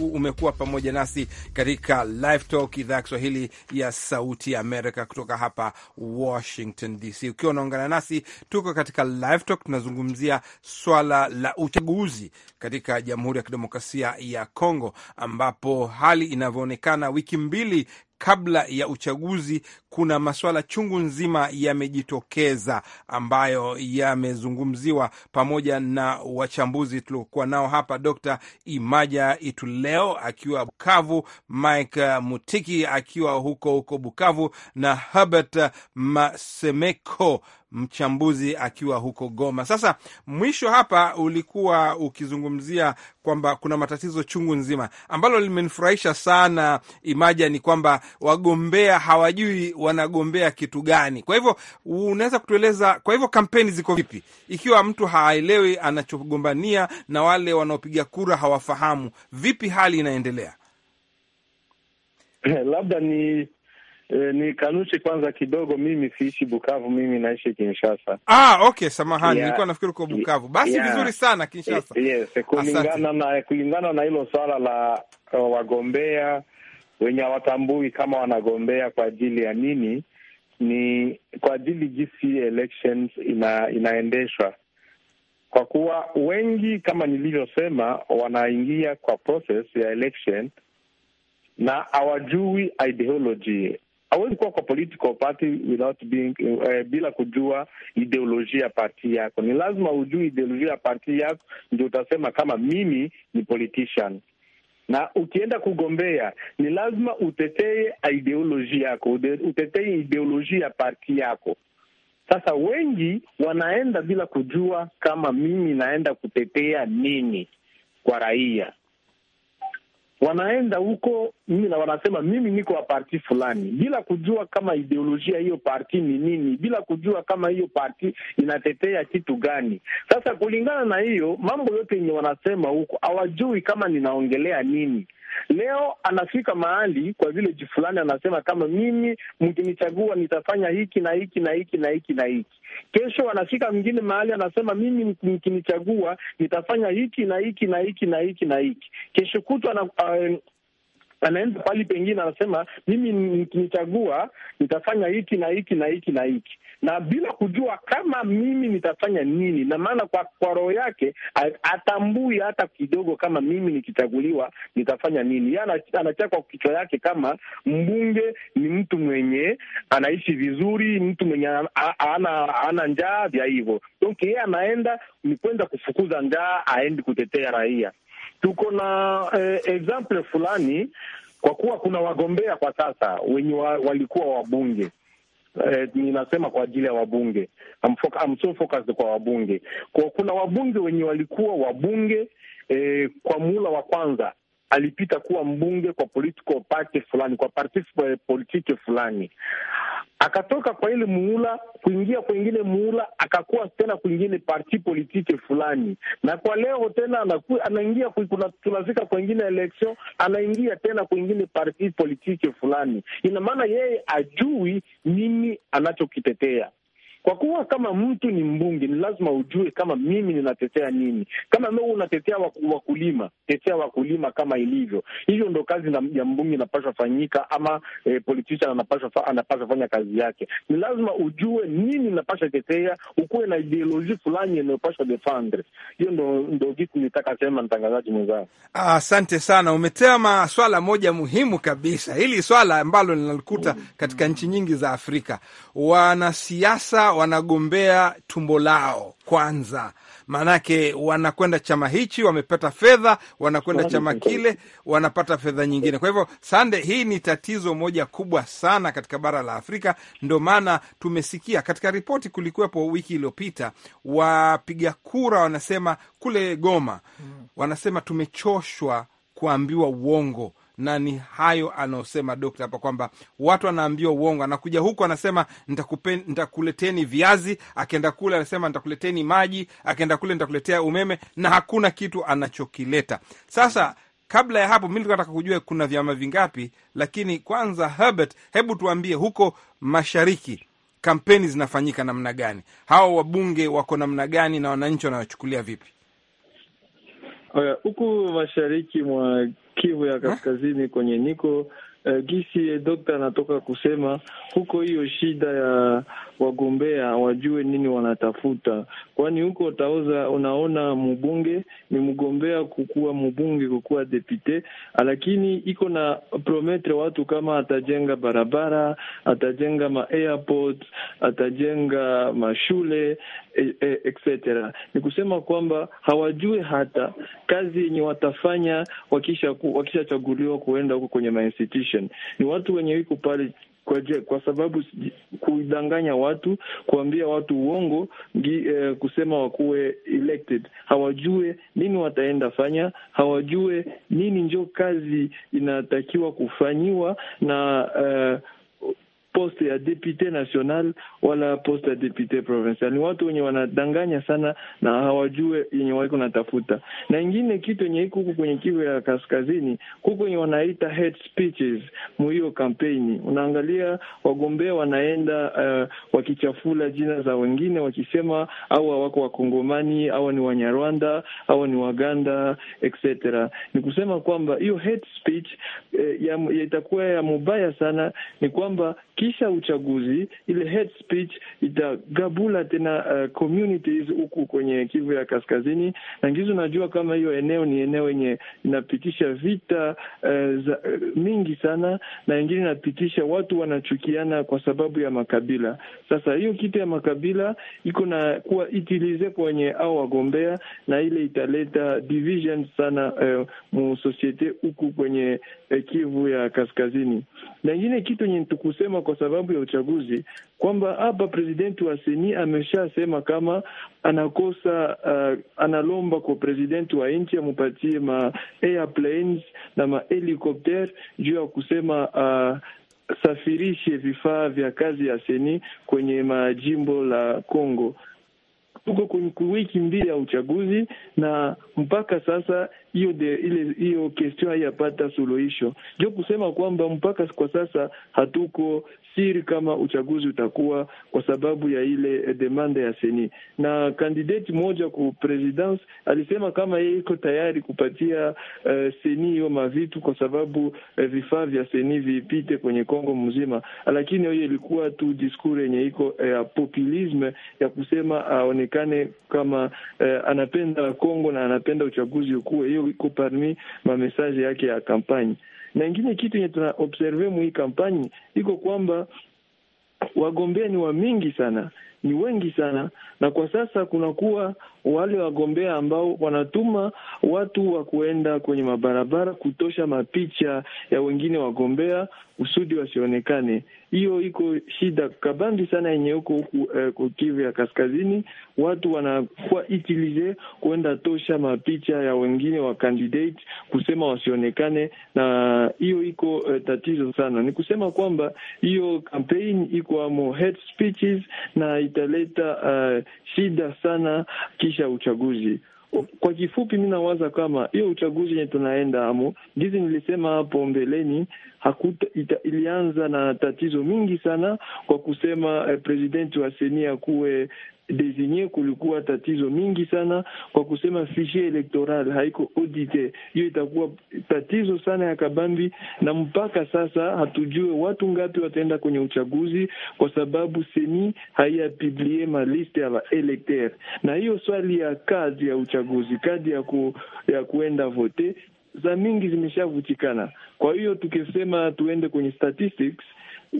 umekuwa pamoja nasi katika Live Talk, idhaa ya Kiswahili ya Sauti ya Amerika kutoka hapa Washington DC. Ukiwa unaungana nasi, tuko katika Live Talk, tunazungumzia swala la uchaguzi katika Jamhuri ya Kidemokrasia ya Kongo, ambapo hali inavyoonekana wiki mbili kabla ya uchaguzi, kuna masuala chungu nzima yamejitokeza ambayo yamezungumziwa pamoja na wachambuzi tuliokuwa nao hapa, Dr Imaja Ituleo akiwa Bukavu, Mike Mutiki akiwa huko huko Bukavu na Herbert Masemeko mchambuzi akiwa huko Goma. Sasa mwisho hapa ulikuwa ukizungumzia kwamba kuna matatizo chungu nzima, ambalo limenifurahisha sana Imaja ni kwamba wagombea hawajui wanagombea kitu gani. Kwa hivyo unaweza kutueleza, kwa hivyo kampeni ziko vipi ikiwa mtu haelewi anachogombania na wale wanaopiga kura hawafahamu? Vipi hali inaendelea? Labda ni E, eh, ni kanushi kwanza kidogo, mimi siishi Bukavu, mimi naishi Kinshasa. Ah, okay, samahani yeah. Nilikuwa nafikiri uko Bukavu. Basi yeah. Vizuri sana Kinshasa. Eh, yes, eh, kulingana na kulingana na hilo swala la uh, wagombea wenye hawatambui kama wanagombea kwa ajili ya nini, ni kwa ajili jinsi elections ina, inaendeshwa kwa kuwa wengi kama nilivyosema, wanaingia kwa process ya election na hawajui ideology hawezi kuwa kwa political party without being eh, bila kujua ideolojia ya parti yako. Ni lazima ujue ideolojia ya parti yako ndio utasema kama mimi ni politician. Na ukienda kugombea, ni lazima utetee ideoloji yako, utetee ideoloji ya parti yako. Sasa wengi wanaenda bila kujua kama mimi naenda kutetea nini kwa raia wanaenda huko na wanasema mimi niko wa parti fulani, bila kujua kama ideolojia hiyo parti ni nini, bila kujua kama hiyo parti inatetea kitu gani. Sasa kulingana na hiyo mambo yote yenye wanasema huko, hawajui kama ninaongelea nini. Leo anafika mahali kwa vile ji fulani anasema kama mimi mkinichagua nitafanya hiki na hiki na hiki na hiki na hiki. Kesho anafika mwingine mahali anasema mimi mkinichagua nitafanya hiki na hiki na hiki na hiki na hiki. Kesho kutwa Eh, anaenda pali pengine anasema mimi nikinichagua nitafanya hiki na hiki na hiki na hiki, na bila kujua kama mimi nitafanya nini, na maana kwa, kwa roho yake atambui hata kidogo kama mimi nikichaguliwa nitafanya nini. Yeye anachaa kwa kichwa yake kama mbunge ni mtu mwenye anaishi vizuri, mtu mwenye ana njaa vya hivyo. Donc yeye anaenda ni kwenda kufukuza njaa, aendi kutetea raia tuko na eh, example fulani kwa kuwa kuna wagombea kwa sasa wenye wa, walikuwa wabunge eh, ninasema kwa ajili ya wabunge I'm I'm so focused kwa wabunge kwa kuna wabunge wenye walikuwa wabunge eh, kwa muhula wa kwanza alipita kuwa mbunge kwa political party fulani, kwa parti eh, politiki fulani, akatoka kwa ile muhula kuingia kwengine muhula, akakuwa tena kwingine parti politiki fulani, na kwa leo tena anaku, anaingia tunafika kwengine election, anaingia tena kwingine parti politiki fulani. Ina maana yeye ajui nini anachokitetea. Kwa kuwa kama mtu ni mbunge, ni lazima ujue kama mimi ninatetea nini. Kama mi unatetea wakulima, tetea wakulima kama ilivyo. hivyo ndo kazi na, ya mbunge inapashwa fanyika, ama eh, politician anapashwa anapaswa fanya kazi yake. Ni lazima ujue nini inapaswa tetea, ukuwe na ideoloji fulani inayopashwa defendre. Hiyo ndo, ndo kitu nitaka sema, mtangazaji mwenzao. Asante ah, sana. Umetea swala moja muhimu kabisa, hili swala ambalo linalikuta mm. katika nchi nyingi za Afrika, wanasiasa wanagombea tumbo lao kwanza, maanake wanakwenda chama hichi, wamepata fedha, wanakwenda chama kile, wanapata fedha nyingine. Kwa hivyo, sande, hii ni tatizo moja kubwa sana katika bara la Afrika. Ndio maana tumesikia katika ripoti, kulikuwepo wiki iliyopita, wapiga kura wanasema kule Goma, hmm. wanasema tumechoshwa kuambiwa uongo na ni hayo anaosema dokta hapa kwamba watu wanaambiwa uongo. Anakuja huku anasema ntakuleteni viazi, akienda kule anasema ntakuleteni maji, akienda kule ntakuletea umeme, na hakuna kitu anachokileta. Sasa kabla ya hapo, mi nilikuwa nataka kujua kuna vyama vingapi, lakini kwanza, Herbert, hebu tuambie huko mashariki kampeni zinafanyika namna gani? Hawa wabunge wako namna gani na wananchi wanawachukulia vipi? Huku mashariki mwa Kivu ya kaskazini kwenye niko uh, gisi eh, dokta anatoka kusema huko, hiyo shida ya wagombea wajue nini wanatafuta, kwani huko utaoza Unaona, mbunge ni mgombea kukuwa mbunge kukuwa depute, lakini iko na prometre watu kama atajenga barabara, atajenga ma airport, atajenga mashule e, e, etc. Ni kusema kwamba hawajue hata kazi yenye watafanya wakishachaguliwa, wakisha kuenda huko kwenye ma institution. Ni watu wenye wiko pale kwa, je, kwa sababu kudanganya watu, kuambia watu uongo ngi, eh, kusema wakuwe elected, hawajue nini wataenda fanya, hawajue nini njo kazi inatakiwa kufanyiwa na eh, poste ya depute national wala poste ya depute provincial. Ni watu wenye wanadanganya sana na hawajue yenye waiko natafuta. Na ingine kitu yenye iko huku kwenye Kivu ya Kaskazini, huku wenye wanaita hate speeches hiyo kampeni, unaangalia wagombea wanaenda uh, wakichafula jina za wengine wakisema au wako Wakongomani au ni Wanyarwanda au ni Waganda etc. Ni kusema kwamba hiyo hate speech eh, ya, ya itakuwa ya mubaya sana, ni kwamba kisha uchaguzi ile hate speech itagabula tena uh, communities huku kwenye Kivu ya Kaskazini, na ngizi unajua kama hiyo eneo ni eneo yenye inapitisha vita uh, za, uh, mingi sana, na ingine inapitisha watu wanachukiana kwa sababu ya makabila. Sasa hiyo kitu ya makabila iko na kuwa itilize kwenye au wagombea, na ile italeta division sana uh, mu huku kwenye uh, Kivu ya Kaskazini, na ingine kitu yenye tukusema kwa kwa sababu ya uchaguzi, kwamba hapa presidenti wa seni ameshasema kama anakosa uh, analomba kwa presidenti wa nchi amupatie ma airplanes na ma juu ya kusema uh, safirishe vifaa vya kazi ya seni kwenye majimbo la congo Tuko kwenye wiki mbili ya uchaguzi na mpaka sasa hiyo de ile hiyo question haiyapata suluhisho, ndio kusema kwamba mpaka kwa sasa hatuko siri kama uchaguzi utakuwa kwa sababu ya ile eh, demanda ya seni. Na kandidati moja ku presidence alisema kama yeye iko tayari kupatia uh, eh, seni hiyo mavitu kwa sababu uh, vifaa vya seni vipite kwenye Kongo mzima, lakini hiyo ilikuwa tu diskuri yenye iko ya uh, populisme ya kusema aonekane uh, kama uh, anapenda Kongo na anapenda uchaguzi ukuwe hiyo iko parmi mamesaje yake ya kampanyi. Na ingine kitu yenye tuna observe hii kampanyi iko kwamba wagombea ni wamingi sana, ni wengi sana, na kwa sasa kunakuwa wale wagombea ambao wanatuma watu wa kuenda kwenye mabarabara kutosha mapicha ya wengine wagombea kusudi wasionekane. Hiyo iko shida kabambi sana yenye huko huku eh, Kivu ya kaskazini, watu wanakuwa itilize kuenda tosha mapicha ya wengine wa candidate kusema wasionekane, na hiyo iko eh, tatizo sana. Ni kusema kwamba hiyo campaign iko amo hate speeches na italeta uh, shida sana kisha uchaguzi. Kwa kifupi, mi nawaza kama hiyo uchaguzi yenye tunaenda amo, gizi nilisema hapo mbeleni, hakuta ita, ilianza na tatizo mingi sana kwa kusema eh, presidenti wa seni akuwe desinye, kulikuwa tatizo mingi sana kwa kusema fiche electoral haiko audite. Hiyo itakuwa tatizo sana ya kabambi, na mpaka sasa hatujue watu ngapi wataenda kwenye uchaguzi, kwa sababu seni haiyapiblie maliste ya electeur. na hiyo swali ya kadi ya uchaguzi, kadi ya, ku, ya kuenda vote za mingi zimeshavutikana. Kwa hiyo tukisema tuende kwenye statistics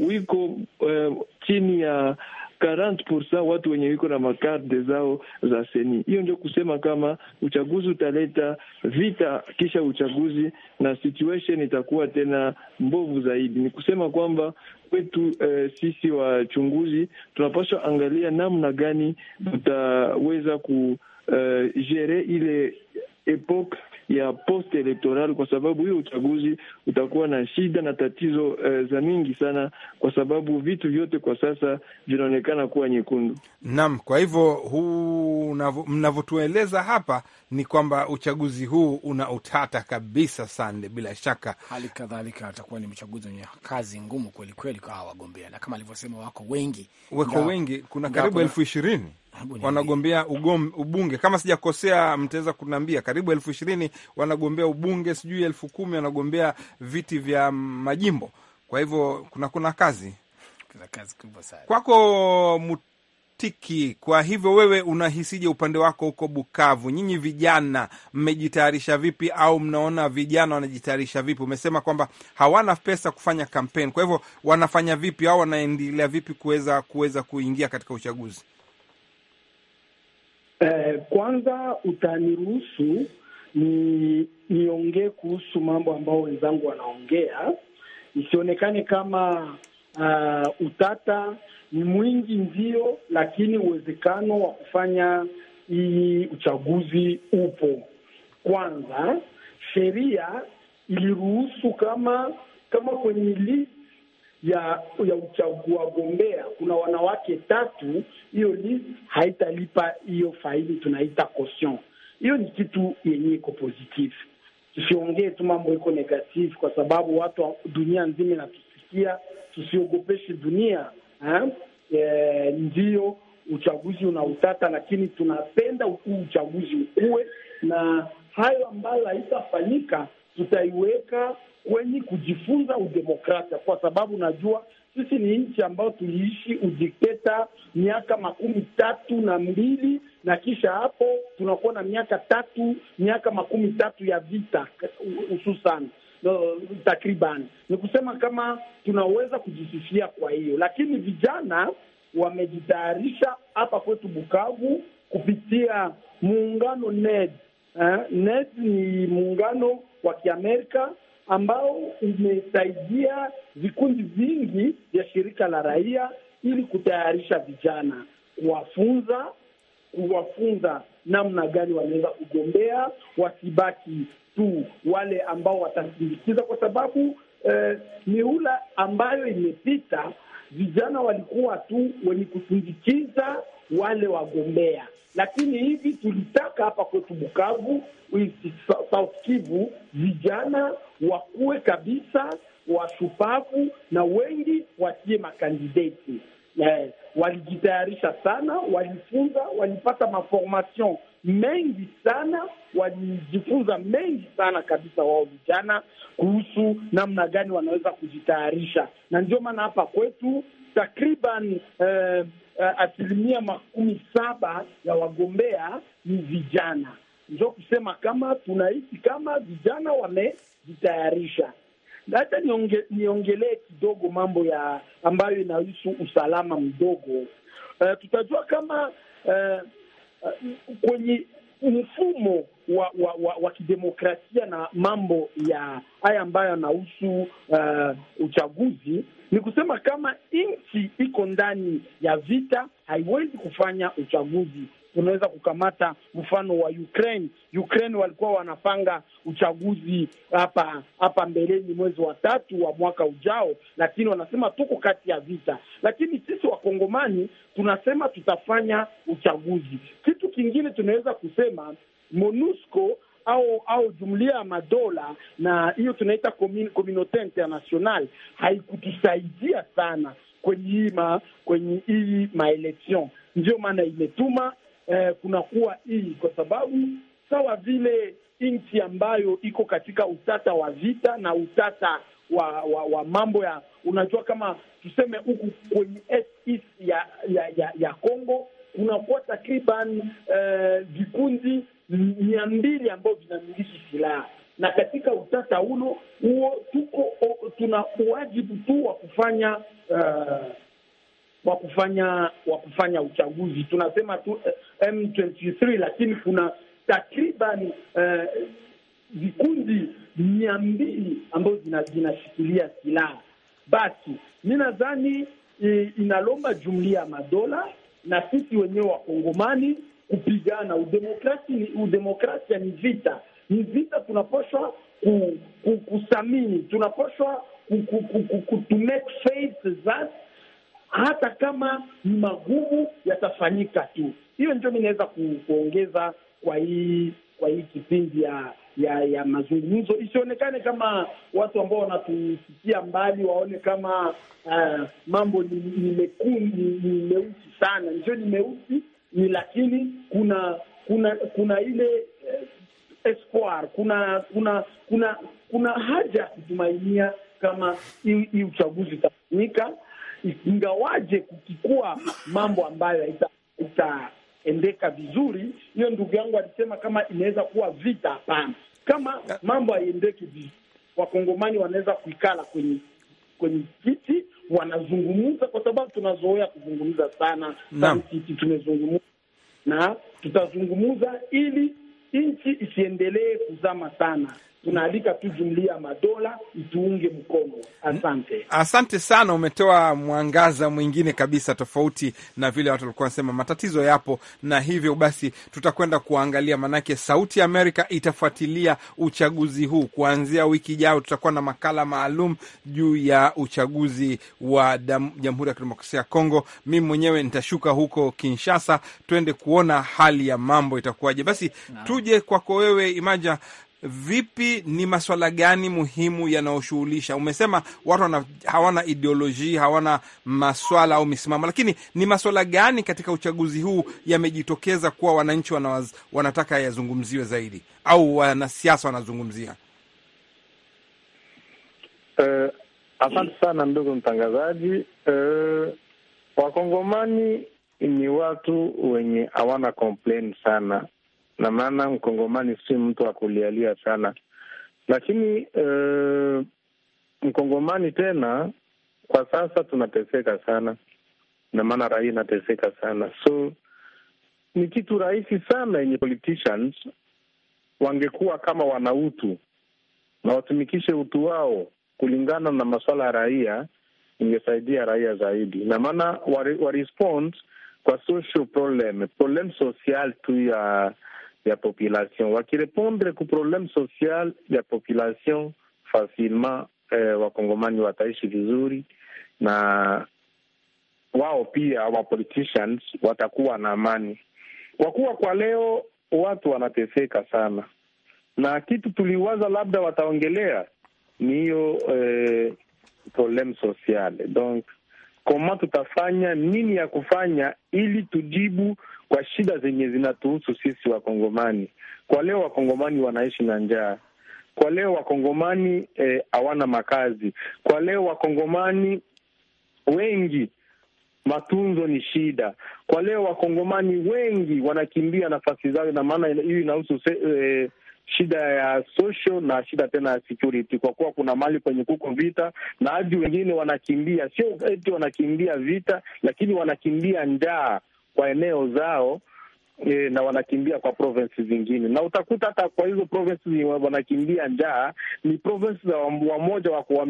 wiko uh, chini ya 40 watu wenye wiko na makarde zao za seni. Hiyo ndio kusema kama uchaguzi utaleta vita kisha uchaguzi, na situation itakuwa tena mbovu zaidi. Ni kusema kwamba kwetu eh, sisi wachunguzi tunapaswa angalia namna gani tutaweza ku Uh, eh, jere ile epoch ya post electoral, kwa sababu hiyo uchaguzi utakuwa na shida na tatizo uh, za mingi sana, kwa sababu vitu vyote kwa sasa vinaonekana kuwa nyekundu. Naam, kwa hivyo huu mnavyotueleza hapa ni kwamba uchaguzi huu una utata kabisa. Sande, bila shaka hali kadhalika atakuwa ni mchaguzi wenye kazi ngumu kwelikweli kwa wagombea, na kama alivyosema wako wengi weko wengi kuna karibu elfu ishirini wanagombea ugom, ubunge kama sijakosea, mtaweza kuniambia, karibu elfu ishirini wanagombea ubunge, sijui elfu kumi wanagombea viti vya majimbo. Kwa hivyo kuna kuna kazi, kuna kazi kubwa sana kwako Mutiki. Kwa hivyo wewe unahisije upande wako huko Bukavu? Nyinyi vijana mmejitayarisha vipi, au mnaona vijana wanajitayarisha vipi? Umesema kwamba hawana pesa kufanya kampeni, kwa hivyo wanafanya vipi au wanaendelea vipi kuweza kuweza kuingia katika uchaguzi? Eh, kwanza utaniruhusu ni niongee kuhusu mambo ambayo wenzangu wanaongea, isionekane kama uh, utata ni mwingi, ndio, lakini uwezekano wa kufanya hii uchaguzi upo. Kwanza sheria iliruhusu kama kama kwenye ya ya gombea kuna wanawake tatu, hiyo list haitalipa hiyo faili tunaita caution. Hiyo ni kitu yenye iko positive, tusiongee tu mambo iko negative, kwa sababu watu dunia nzima inatusikia, tusiogopeshe dunia e, eh? eh, ndiyo uchaguzi unautata, lakini tunapenda ukuu uchaguzi ukuwe, na hayo ambayo haitafanyika tutaiweka kwenye kujifunza udemokrasia, kwa sababu najua sisi ni nchi ambayo tuliishi udikteta miaka makumi tatu na mbili na kisha hapo tunakuwa na miaka tatu miaka makumi tatu ya vita hususan no, ni kusema kama tunaweza kujisifia. Kwa hiyo lakini vijana wamejitayarisha hapa kwetu Bukavu kupitia muungano NED. Eh, NED ni muungano wa Kiamerika ambao umesaidia vikundi vingi vya shirika la raia ili kutayarisha vijana, kuwafunza kuwafunza namna gani wanaweza kugombea, wasibaki tu wale ambao watasindikiza, kwa sababu eh, mihula ambayo imepita vijana walikuwa tu wenye kusindikiza wale wagombea, lakini hivi tulitaka hapa kwetu Bukavu, South Kivu, vijana wakuwe kabisa washupavu na wengi watie makandideti. Eh, walijitayarisha sana, walifunza, walipata maformation mengi sana, walijifunza mengi sana kabisa wao vijana kuhusu namna gani wanaweza kujitayarisha, na ndio maana hapa kwetu takriban eh, uh, asilimia makumi saba ya wagombea ni vijana, ndio kusema kama tunahisi kama vijana wamejitayarisha. Hata nionge, niongelee kidogo mambo ya ambayo inahusu usalama mdogo. Uh, tutajua kama uh, uh, kwenye mfumo wa, wa, wa, wa kidemokrasia na mambo ya haya ambayo yanahusu uh, uchaguzi ni kusema kama nchi iko ndani ya vita, haiwezi kufanya uchaguzi. Unaweza kukamata mfano wa Ukraine. Ukraine walikuwa wanapanga uchaguzi hapa hapa mbeleni mwezi wa tatu wa mwaka ujao, lakini wanasema tuko kati ya vita. Lakini sisi wakongomani tunasema tutafanya uchaguzi. Kitu kingine tunaweza kusema MONUSCO au au jumlia ya madola na hiyo tunaita communaute international haikutusaidia sana kwenye hii ma, kwenye hii maana imetuma eh, kunakuwa hii kwa sababu sawa vile nchi ambayo iko katika utata wa vita na utata wa, wa, wa mambo ya unajua, kama tuseme huku kwenye ya ya ya Congo ya kunakuwa takriban eh, vikundi uh, mia mbili ambao vinamiliki silaha, na katika utata ulo huo tuko o, tuna uwajibu tu wa kufanya uh, wa kufanya wa kufanya uchaguzi. Tunasema tu uh, eh, M23, lakini kuna takriban uh, vikundi mia mbili ambazo zinashikilia silaha. Basi mi nadhani inalomba jumlia ya madola na sisi wenyewe Wakongomani kupigana. Udemokrasi, udemokrasia ni vita, ni vita. tunaposhwa ku, ku, kusamini, tunaposhwa ku, ku, ku, ku, ku, to make that hata kama ni magumu yatafanyika tu. Hiyo ndio mi naweza ku, kuongeza kwa hii kwa hii kipindi ya ya ya mazungumzo, isionekane kama watu ambao wanatusikia mbali waone kama uh, mambo ni, ni, mekundu, ni, meusi sana, ndio ni meusi ni, lakini kuna kuna kuna ile eh, espoir, kuna kuna kuna kuna haja ya kutumainia kama hii uchaguzi itafanyika, ingawaje kukikuwa mambo ambayo ita, ita endeka vizuri. Hiyo ndugu yangu alisema kama inaweza kuwa vita, hapana. Kama mambo haiendeki vizuri, wakongomani wanaweza kuikala kwenye kwenye kiti wanazungumza, kwa sababu tunazoea kuzungumza sana sankiti, tumezungumza na tutazungumza ili nchi isiendelee kuzama sana tunaalika tu jumlia ya madola ituunge mkono. Asante, asante sana. Umetoa mwangaza mwingine kabisa tofauti na vile watu walikuwa wanasema. Matatizo yapo na hivyo basi tutakwenda kuangalia, manake Sauti ya Amerika itafuatilia uchaguzi huu kuanzia wiki ijayo. Tutakuwa na makala maalum juu ya uchaguzi wa Jamhuri ya Kidemokrasia ya Kongo. Mimi mwenyewe nitashuka huko Kinshasa, twende kuona hali ya mambo itakuwaje. Basi no. tuje kwako wewe Imaja vipi, ni maswala gani muhimu yanayoshughulisha? Umesema watu hawana ideolojia, hawana maswala au misimamo, lakini ni maswala gani katika uchaguzi huu yamejitokeza kuwa wananchi wanawaz, wanataka yazungumziwe zaidi au wanasiasa wanazungumzia? Uh, asante sana ndugu mtangazaji. Uh, wakongomani ni watu wenye hawana complain sana na maana mkongomani si mtu wa kulialia sana, lakini e, mkongomani tena kwa sasa tunateseka sana, na maana raia inateseka sana, so ni kitu rahisi sana yenye politicians wangekuwa kama wana utu na watumikishe utu wao kulingana na masuala ya raia, ingesaidia raia zaidi, na maana wa kwa social problem, problem social tu ya ya population. Wakirepondre ku problem social ya population fasilma, eh, wakongomani wataishi vizuri na wao pia wa politicians watakuwa na amani, kwa kuwa kwa leo watu wanateseka sana, na kitu tuliwaza labda wataongelea ni hiyo eh, problem sociale donc koma tutafanya nini ya kufanya ili tujibu kwa shida zenye zinatuhusu sisi Wakongomani. Kwa leo Wakongomani wanaishi na njaa, kwa leo Wakongomani eh, hawana eh, makazi, kwa leo Wakongomani wengi matunzo ni shida. Kwa leo Wakongomani wengi wanakimbia nafasi zao, na maana hiyo inahusu eh, shida ya social na shida tena ya security, kwa kuwa kuna mali kwenye kuko vita, na hadi wengine wanakimbia, sio eti wanakimbia vita, lakini wanakimbia njaa kwa eneo zao e, na wanakimbia kwa provensi zingine, na utakuta hata kwa hizo provensi wanakimbia njaa ni provensi za wamoja, wako wa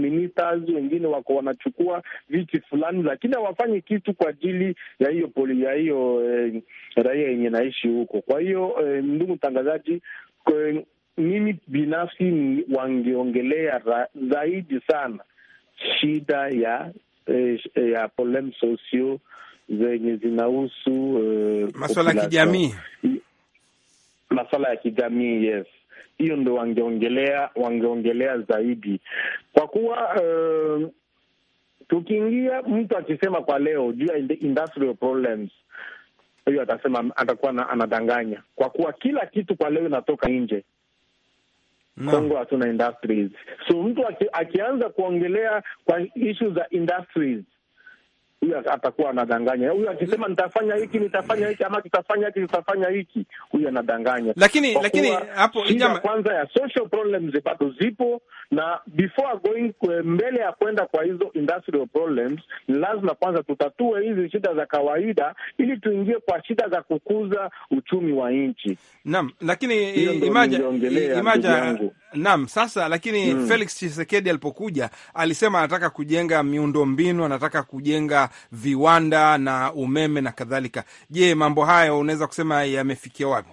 wengine wako wanachukua viti fulani, lakini hawafanyi kitu kwa ajili ya hiyo poli ya hiyo e, raia yenye naishi huko. Kwa hiyo e, ndugu mtangazaji kwe, mimi binafsi wangeongelea zaidi sana shida ya eh, ya problem socio zenye zinahusu uh, eh, masuala ya kijamii, masuala ya kijamii yes hiyo ndo wangeongelea wangeongelea zaidi kwa kuwa uh, tukiingia mtu akisema kwa leo juu ya industrial problems, hiyo atasema atakuwa anadanganya, kwa kuwa kila kitu kwa leo inatoka nje no. Kongo hatuna industries, so mtu aki, akianza kuongelea kwa ishu za industries huyu atakuwa anadanganya. Huyu akisema nitafanya hiki nitafanya hiki ama tutafanya hiki tutafanya hiki, huyu anadanganya. Lakini kwa lakini hapo njama... kwanza ya social problems bado zipo, na before going kwe, mbele ya kwenda kwa hizo industrial problems, ni lazima kwanza tutatue hizi shida za kawaida, ili tuingie kwa shida za kukuza uchumi wa nchi. Naam, lakini imaja imaja, naam. Sasa lakini hmm, Felix Tshisekedi alipokuja alisema anataka kujenga miundombinu, anataka kujenga viwanda na umeme na kadhalika. Je, mambo hayo unaweza kusema yamefikia wapi?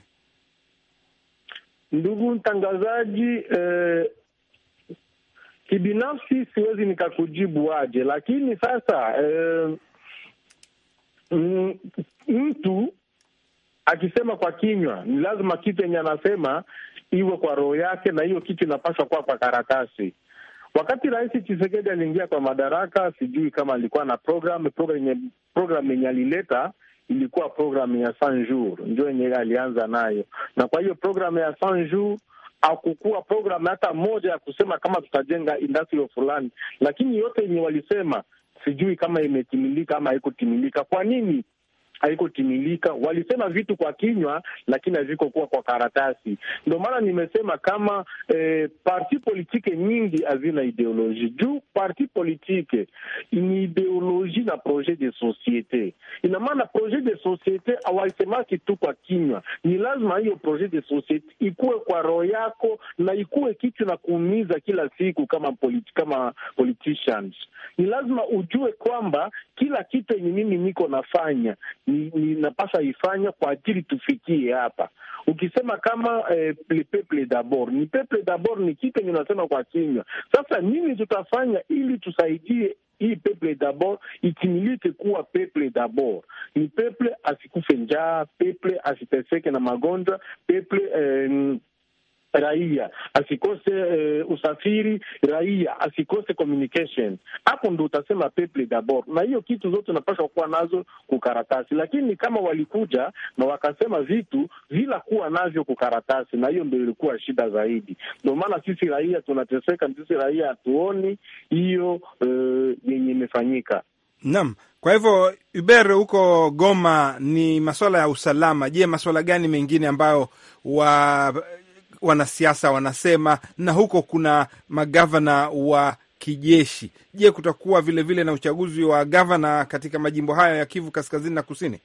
Ndugu mtangazaji, eh, kibinafsi siwezi nikakujibu aje, lakini sasa eh, mtu akisema kwa kinywa ni lazima kitu yenye anasema iwe kwa roho yake, na hiyo kitu inapaswa kuwa kwa karatasi. Wakati Rais chisekedi aliingia kwa madaraka, sijui kama alikuwa na program program yenye alileta ilikuwa programu ya san jour ndio yenye alianza nayo, na kwa hiyo programu ya san jour hakukuwa programu hata moja ya kusema kama tutajenga industry fulani, lakini yote yenye walisema sijui kama imetimilika ama haikutimilika. Kwa nini? haikotimilika. Walisema vitu kwa kinywa, lakini havikokuwa kwa karatasi. Ndio maana nimesema kama eh, parti politike nyingi hazina ideoloji juu parti politike ni ideoloji na projet de societe. Ina maana projet de societe hawaisemaki tu kwa kinywa, ni lazima hiyo projet de societe ikuwe kwa roho yako na ikuwe kitu na kuumiza kila siku kama politi, kama politicians. Ni lazima ujue kwamba kila kitu yenye mimi niko nafanya ni ifanya kwa ajili tufikie hapa. Ukisema kama eh, le peuple d'abord, ni peuple d'abord ni kitu ninasema kwa kinywa. Sasa nini tutafanya ili tusaidie hii peuple d'abord itimilike kuwa peuple d'abord? Ni peuple asikufe njaa, peuple asiteseke na magonjwa, peuple eh, raia asikose uh, usafiri, raia asikose communication. Hapo ndo utasema peple dabor, na hiyo kitu zote unapaswa kuwa nazo kukaratasi. Lakini kama walikuja na wakasema vitu bila kuwa navyo kukaratasi, na hiyo ndo ilikuwa shida zaidi. Ndio maana sisi raia tunateseka, sisi raia hatuoni hiyo eh, yenye imefanyika. Naam. Kwa hivyo Uber huko Goma ni masuala ya usalama. Je, masuala gani mengine ambayo wa wanasiasa wanasema, na huko kuna magavana wa kijeshi. Je, kutakuwa vilevile vile na uchaguzi wa gavana katika majimbo hayo ya Kivu kaskazini na kusini?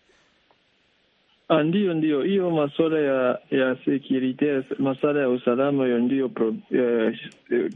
Ah, ndiyo, ndiyo, hiyo masuala ya ya sekurite, masuala ya usalama, hiyo ndiyo pro, eh,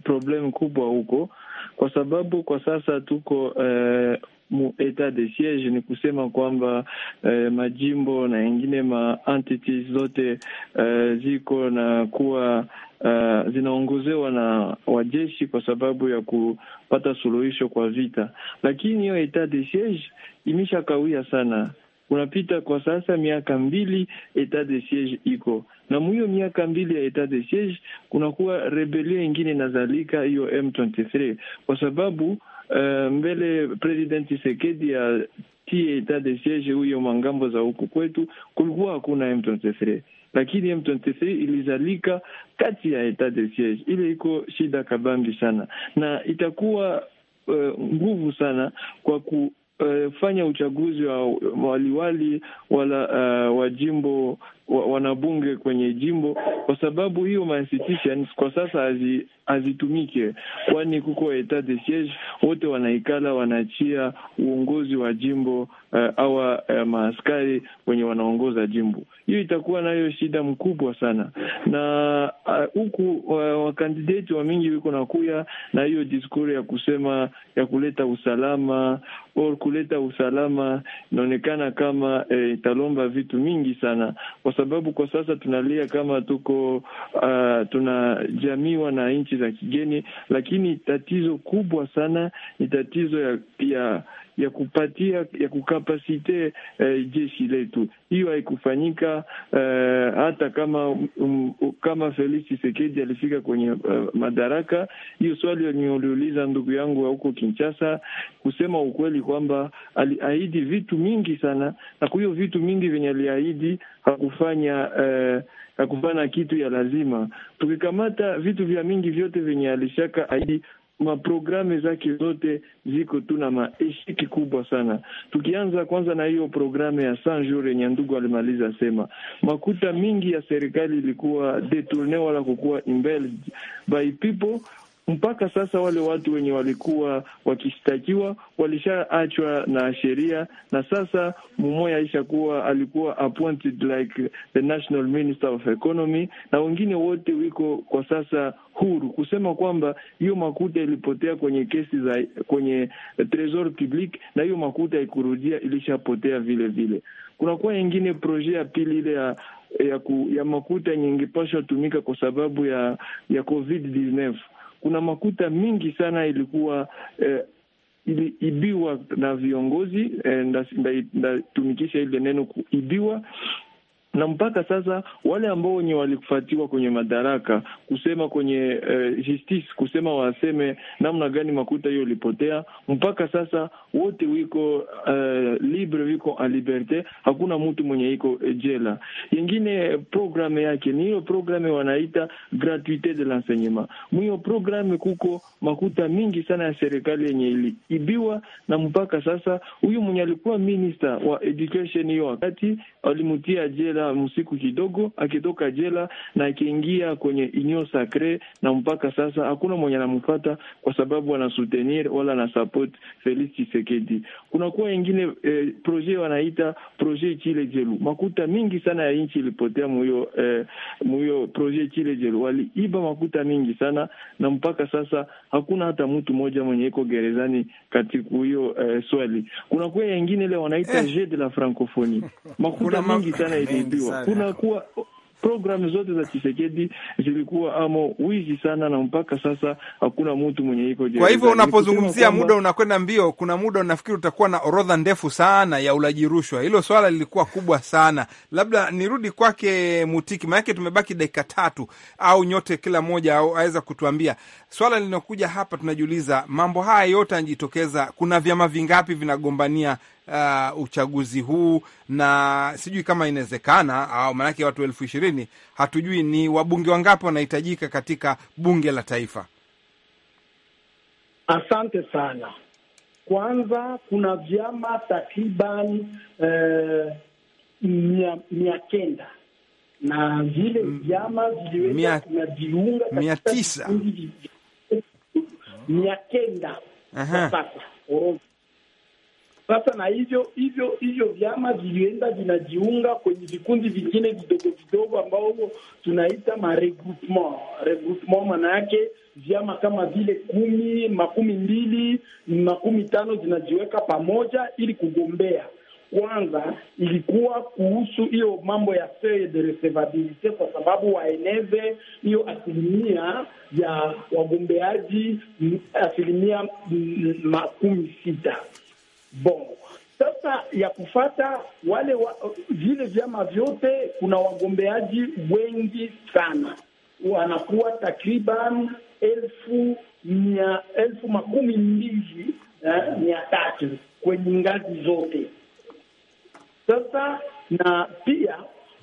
problem kubwa huko, kwa sababu kwa sasa tuko eh, mu etat de siege ni kusema kwamba eh, majimbo na ingine ma entities zote eh, ziko na kuwa Uh, zinaongozewa na wajeshi kwa sababu ya kupata suluhisho kwa vita, lakini hiyo etat de siege imesha kawia sana. Unapita kwa sasa miaka mbili etat de siege iko na mwiyo, miaka mbili ya etat de siege kunakuwa rebelia ingine inazalika hiyo M23 kwa sababu Eh, mbele President ya atie etat de siege huyo mangambo za huku kwetu kulikuwa hakuna M23, lakini M23 ilizalika kati ya etat de siege ile, iko shida kabambi sana na itakuwa eh, nguvu uh, sana kwa ku Uh, fanya uchaguzi wa waliwali wala uh, wa jimbo wanabunge kwenye jimbo, kwa sababu hiyo ma-institutions kwa sasa hazitumike, kwani kuko etat de siege, wote wanaikala wanaachia uongozi wa jimbo uh, eh, awa uh, eh, maaskari wenye wanaongoza jimbo. Hiyo itakuwa nayo shida mkubwa sana, na eh, huku uh, wakandideti wa mingi wiko nakuya na hiyo diskuri ya kusema ya kuleta usalama or kuleta usalama, inaonekana kama italomba vitu mingi sana kwa sababu kwa sasa tunalia kama tuko uh, tunajamiwa na nchi za kigeni, lakini tatizo kubwa sana ni tatizo ya, ya ya kupatia ya kukapasite eh, jeshi letu. Hiyo haikufanyika eh, hata kama um, kama Felix Tshisekedi alifika kwenye uh, madaraka. Hiyo swali aliyoliuliza ndugu yangu huko Kinshasa, kusema ukweli kwamba aliahidi vitu mingi sana, na kwa hiyo vitu mingi vyenye aliahidi hakufanya eh, hakufanya kitu ya lazima. Tukikamata vitu vya mingi vyote vyenye alishaka ahidi maprograme zake zote ziko tu na maeshiki kubwa sana. Tukianza kwanza na hiyo programe ya san jour yenye ndugu alimaliza sema, makuta mingi ya serikali ilikuwa detourne wala kukuwa embellished by people mpaka sasa wale watu wenye walikuwa wakishtakiwa walishaachwa na sheria, na sasa mumoya aishakuwa alikuwa appointed like the national minister of economy, na wengine wote wiko kwa sasa huru, kusema kwamba hiyo makuta ilipotea kwenye kesi za kwenye tresor public, na hiyo makuta ikurudia ilishapotea vile vile. Kunakuwa ingine proje ya pili ile ya ya, ku, ya makuta yenye ingepashwa tumika kwa sababu ya ya covid-19 kuna makuta mingi sana ilikuwa eh, iliibiwa na viongozi eh, ndatumikisha ile neno kuibiwa na mpaka sasa wale ambao wenye walifatiwa kwenye madaraka kusema kwenye eh, justice kusema waseme namna gani makuta hiyo ilipotea, mpaka sasa wote wiko eh, libre wiko a liberte, hakuna mtu mwenye iko eh, jela. Yengine programe yake ni hiyo programe wanaita gratuite de l'enseignement. Mwiyo programe kuko makuta mingi sana ya serikali yenye iliibiwa, na mpaka sasa huyu mwenye alikuwa minister wa education hiyo wakati alimutia jela kila msiku kidogo, akitoka jela na akiingia kwenye inio sacre, na mpaka sasa hakuna mwenye anamfata kwa sababu anasutenir wala ana support Felix Tshisekedi. Kunakuwa ingine e, eh, proje wanaita proje chile jelu, makuta mingi sana ya nchi ilipotea muyo e, eh, muyo proje chile jelu, waliiba makuta mingi sana na mpaka sasa hakuna hata mtu mmoja mwenye iko gerezani katika hiyo e, eh, swali. Kunakuwa ingine ile wanaita eh, jeu de la francophonie makuta mingi sana ili tunaambiwa kuwa programu zote za Chisekedi zilikuwa amo wizi sana, na mpaka sasa hakuna mtu mwenye iko Kwa hivyo unapozungumzia kama... muda unakwenda mbio, kuna muda unafikiri utakuwa na orodha ndefu sana ya ulaji rushwa. Hilo swala lilikuwa kubwa sana. Labda nirudi kwake Mutiki, maanake tumebaki dakika tatu, au nyote kila mmoja au aweza kutuambia swala linakuja hapa. Tunajiuliza mambo haya yote yanajitokeza, kuna vyama vingapi vinagombania uh, uchaguzi huu, na sijui kama inawezekana au maanake watu elfu ishirini hatujui ni wabunge wangapi wanahitajika katika bunge la taifa. Asante sana. Kwanza kuna vyama takriban eh, mia, mia kenda na vile mm. vyama viliweza kunajiunga mia tisa mia kenda sasa orodha sasa na hivyo hivyo hivyo vyama vilienda vinajiunga kwenye vikundi vingine vidogo vidogo, ambao tunaita maregroupement. Regroupement maana yake vyama kama vile kumi, makumi mbili, makumi tano zinajiweka pamoja ili kugombea. Kwanza ilikuwa kuhusu hiyo mambo ya feuille de recevabilite, kwa sababu waeneze hiyo asilimia ya wagombeaji asilimia makumi sita Bon, sasa ya kufata wale wa, vile vyama vyote kuna wagombeaji wengi sana, wanakuwa takriban elfu mia elfu makumi mbili eh, mia tatu kwenye ngazi zote. Sasa na pia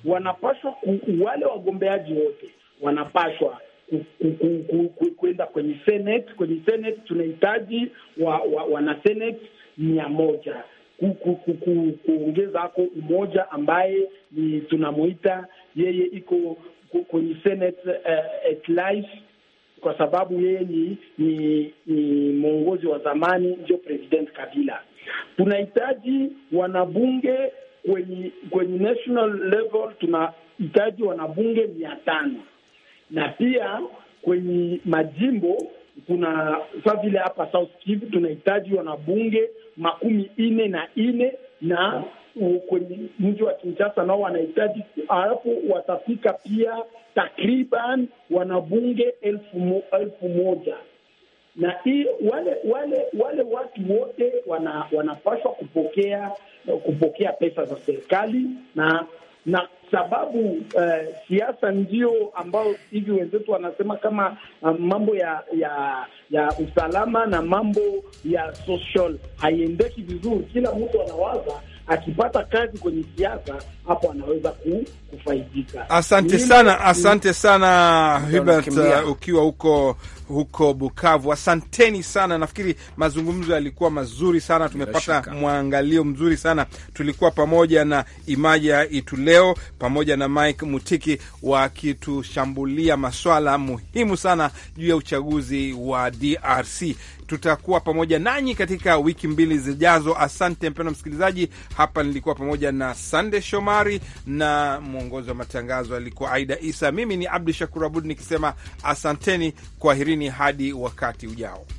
wanapaswa ku, wale wagombeaji wote wanapaswa kwenda kwenye senate. Kwenye senate tunahitaji wa, wa, wana senate mia moja kuongeza hako umoja ambaye ni tunamuita yeye iko kwenye Senate uh, at life kwa sababu yeye ni ni, ni mwongozi wa zamani, ndio President Kabila. Tunahitaji wanabunge kwenye kwenye national level, tunahitaji wanabunge mia tano na pia kwenye majimbo kuna saa vile hapa South Kivu tunahitaji wanabunge makumi ine na ine na kwenye mji wa Kinshasa nao wanahitaji, alafu watafika pia takriban wanabunge elfu, mo, elfu moja na hii wale wale wale watu wote wana, wanapaswa kupokea kupokea pesa za serikali na na sababu uh, siasa ndio ambayo hivi wenzetu wanasema kama uh, mambo ya ya ya usalama na mambo ya social haiendeki vizuri. Kila mtu anawaza akipata kazi kwenye siasa hapo anaweza kufaidika. Asante sana asante sana Hubert, uh, ukiwa huko huko Bukavu. Asanteni sana, nafikiri mazungumzo yalikuwa mazuri sana, tumepata mwangalio mzuri sana. Tulikuwa pamoja na Imaja Ituleo pamoja na Mike Mutiki wakitushambulia maswala muhimu sana juu ya uchaguzi wa DRC. Tutakuwa pamoja nanyi katika wiki mbili zijazo. Asante mpendwa msikilizaji. Hapa nilikuwa pamoja na Sande Shomari na mwongozi wa matangazo alikuwa Aida Isa. Mimi ni Abdu Shakur Abud nikisema asanteni, kwaherini mimi hadi wakati ujao.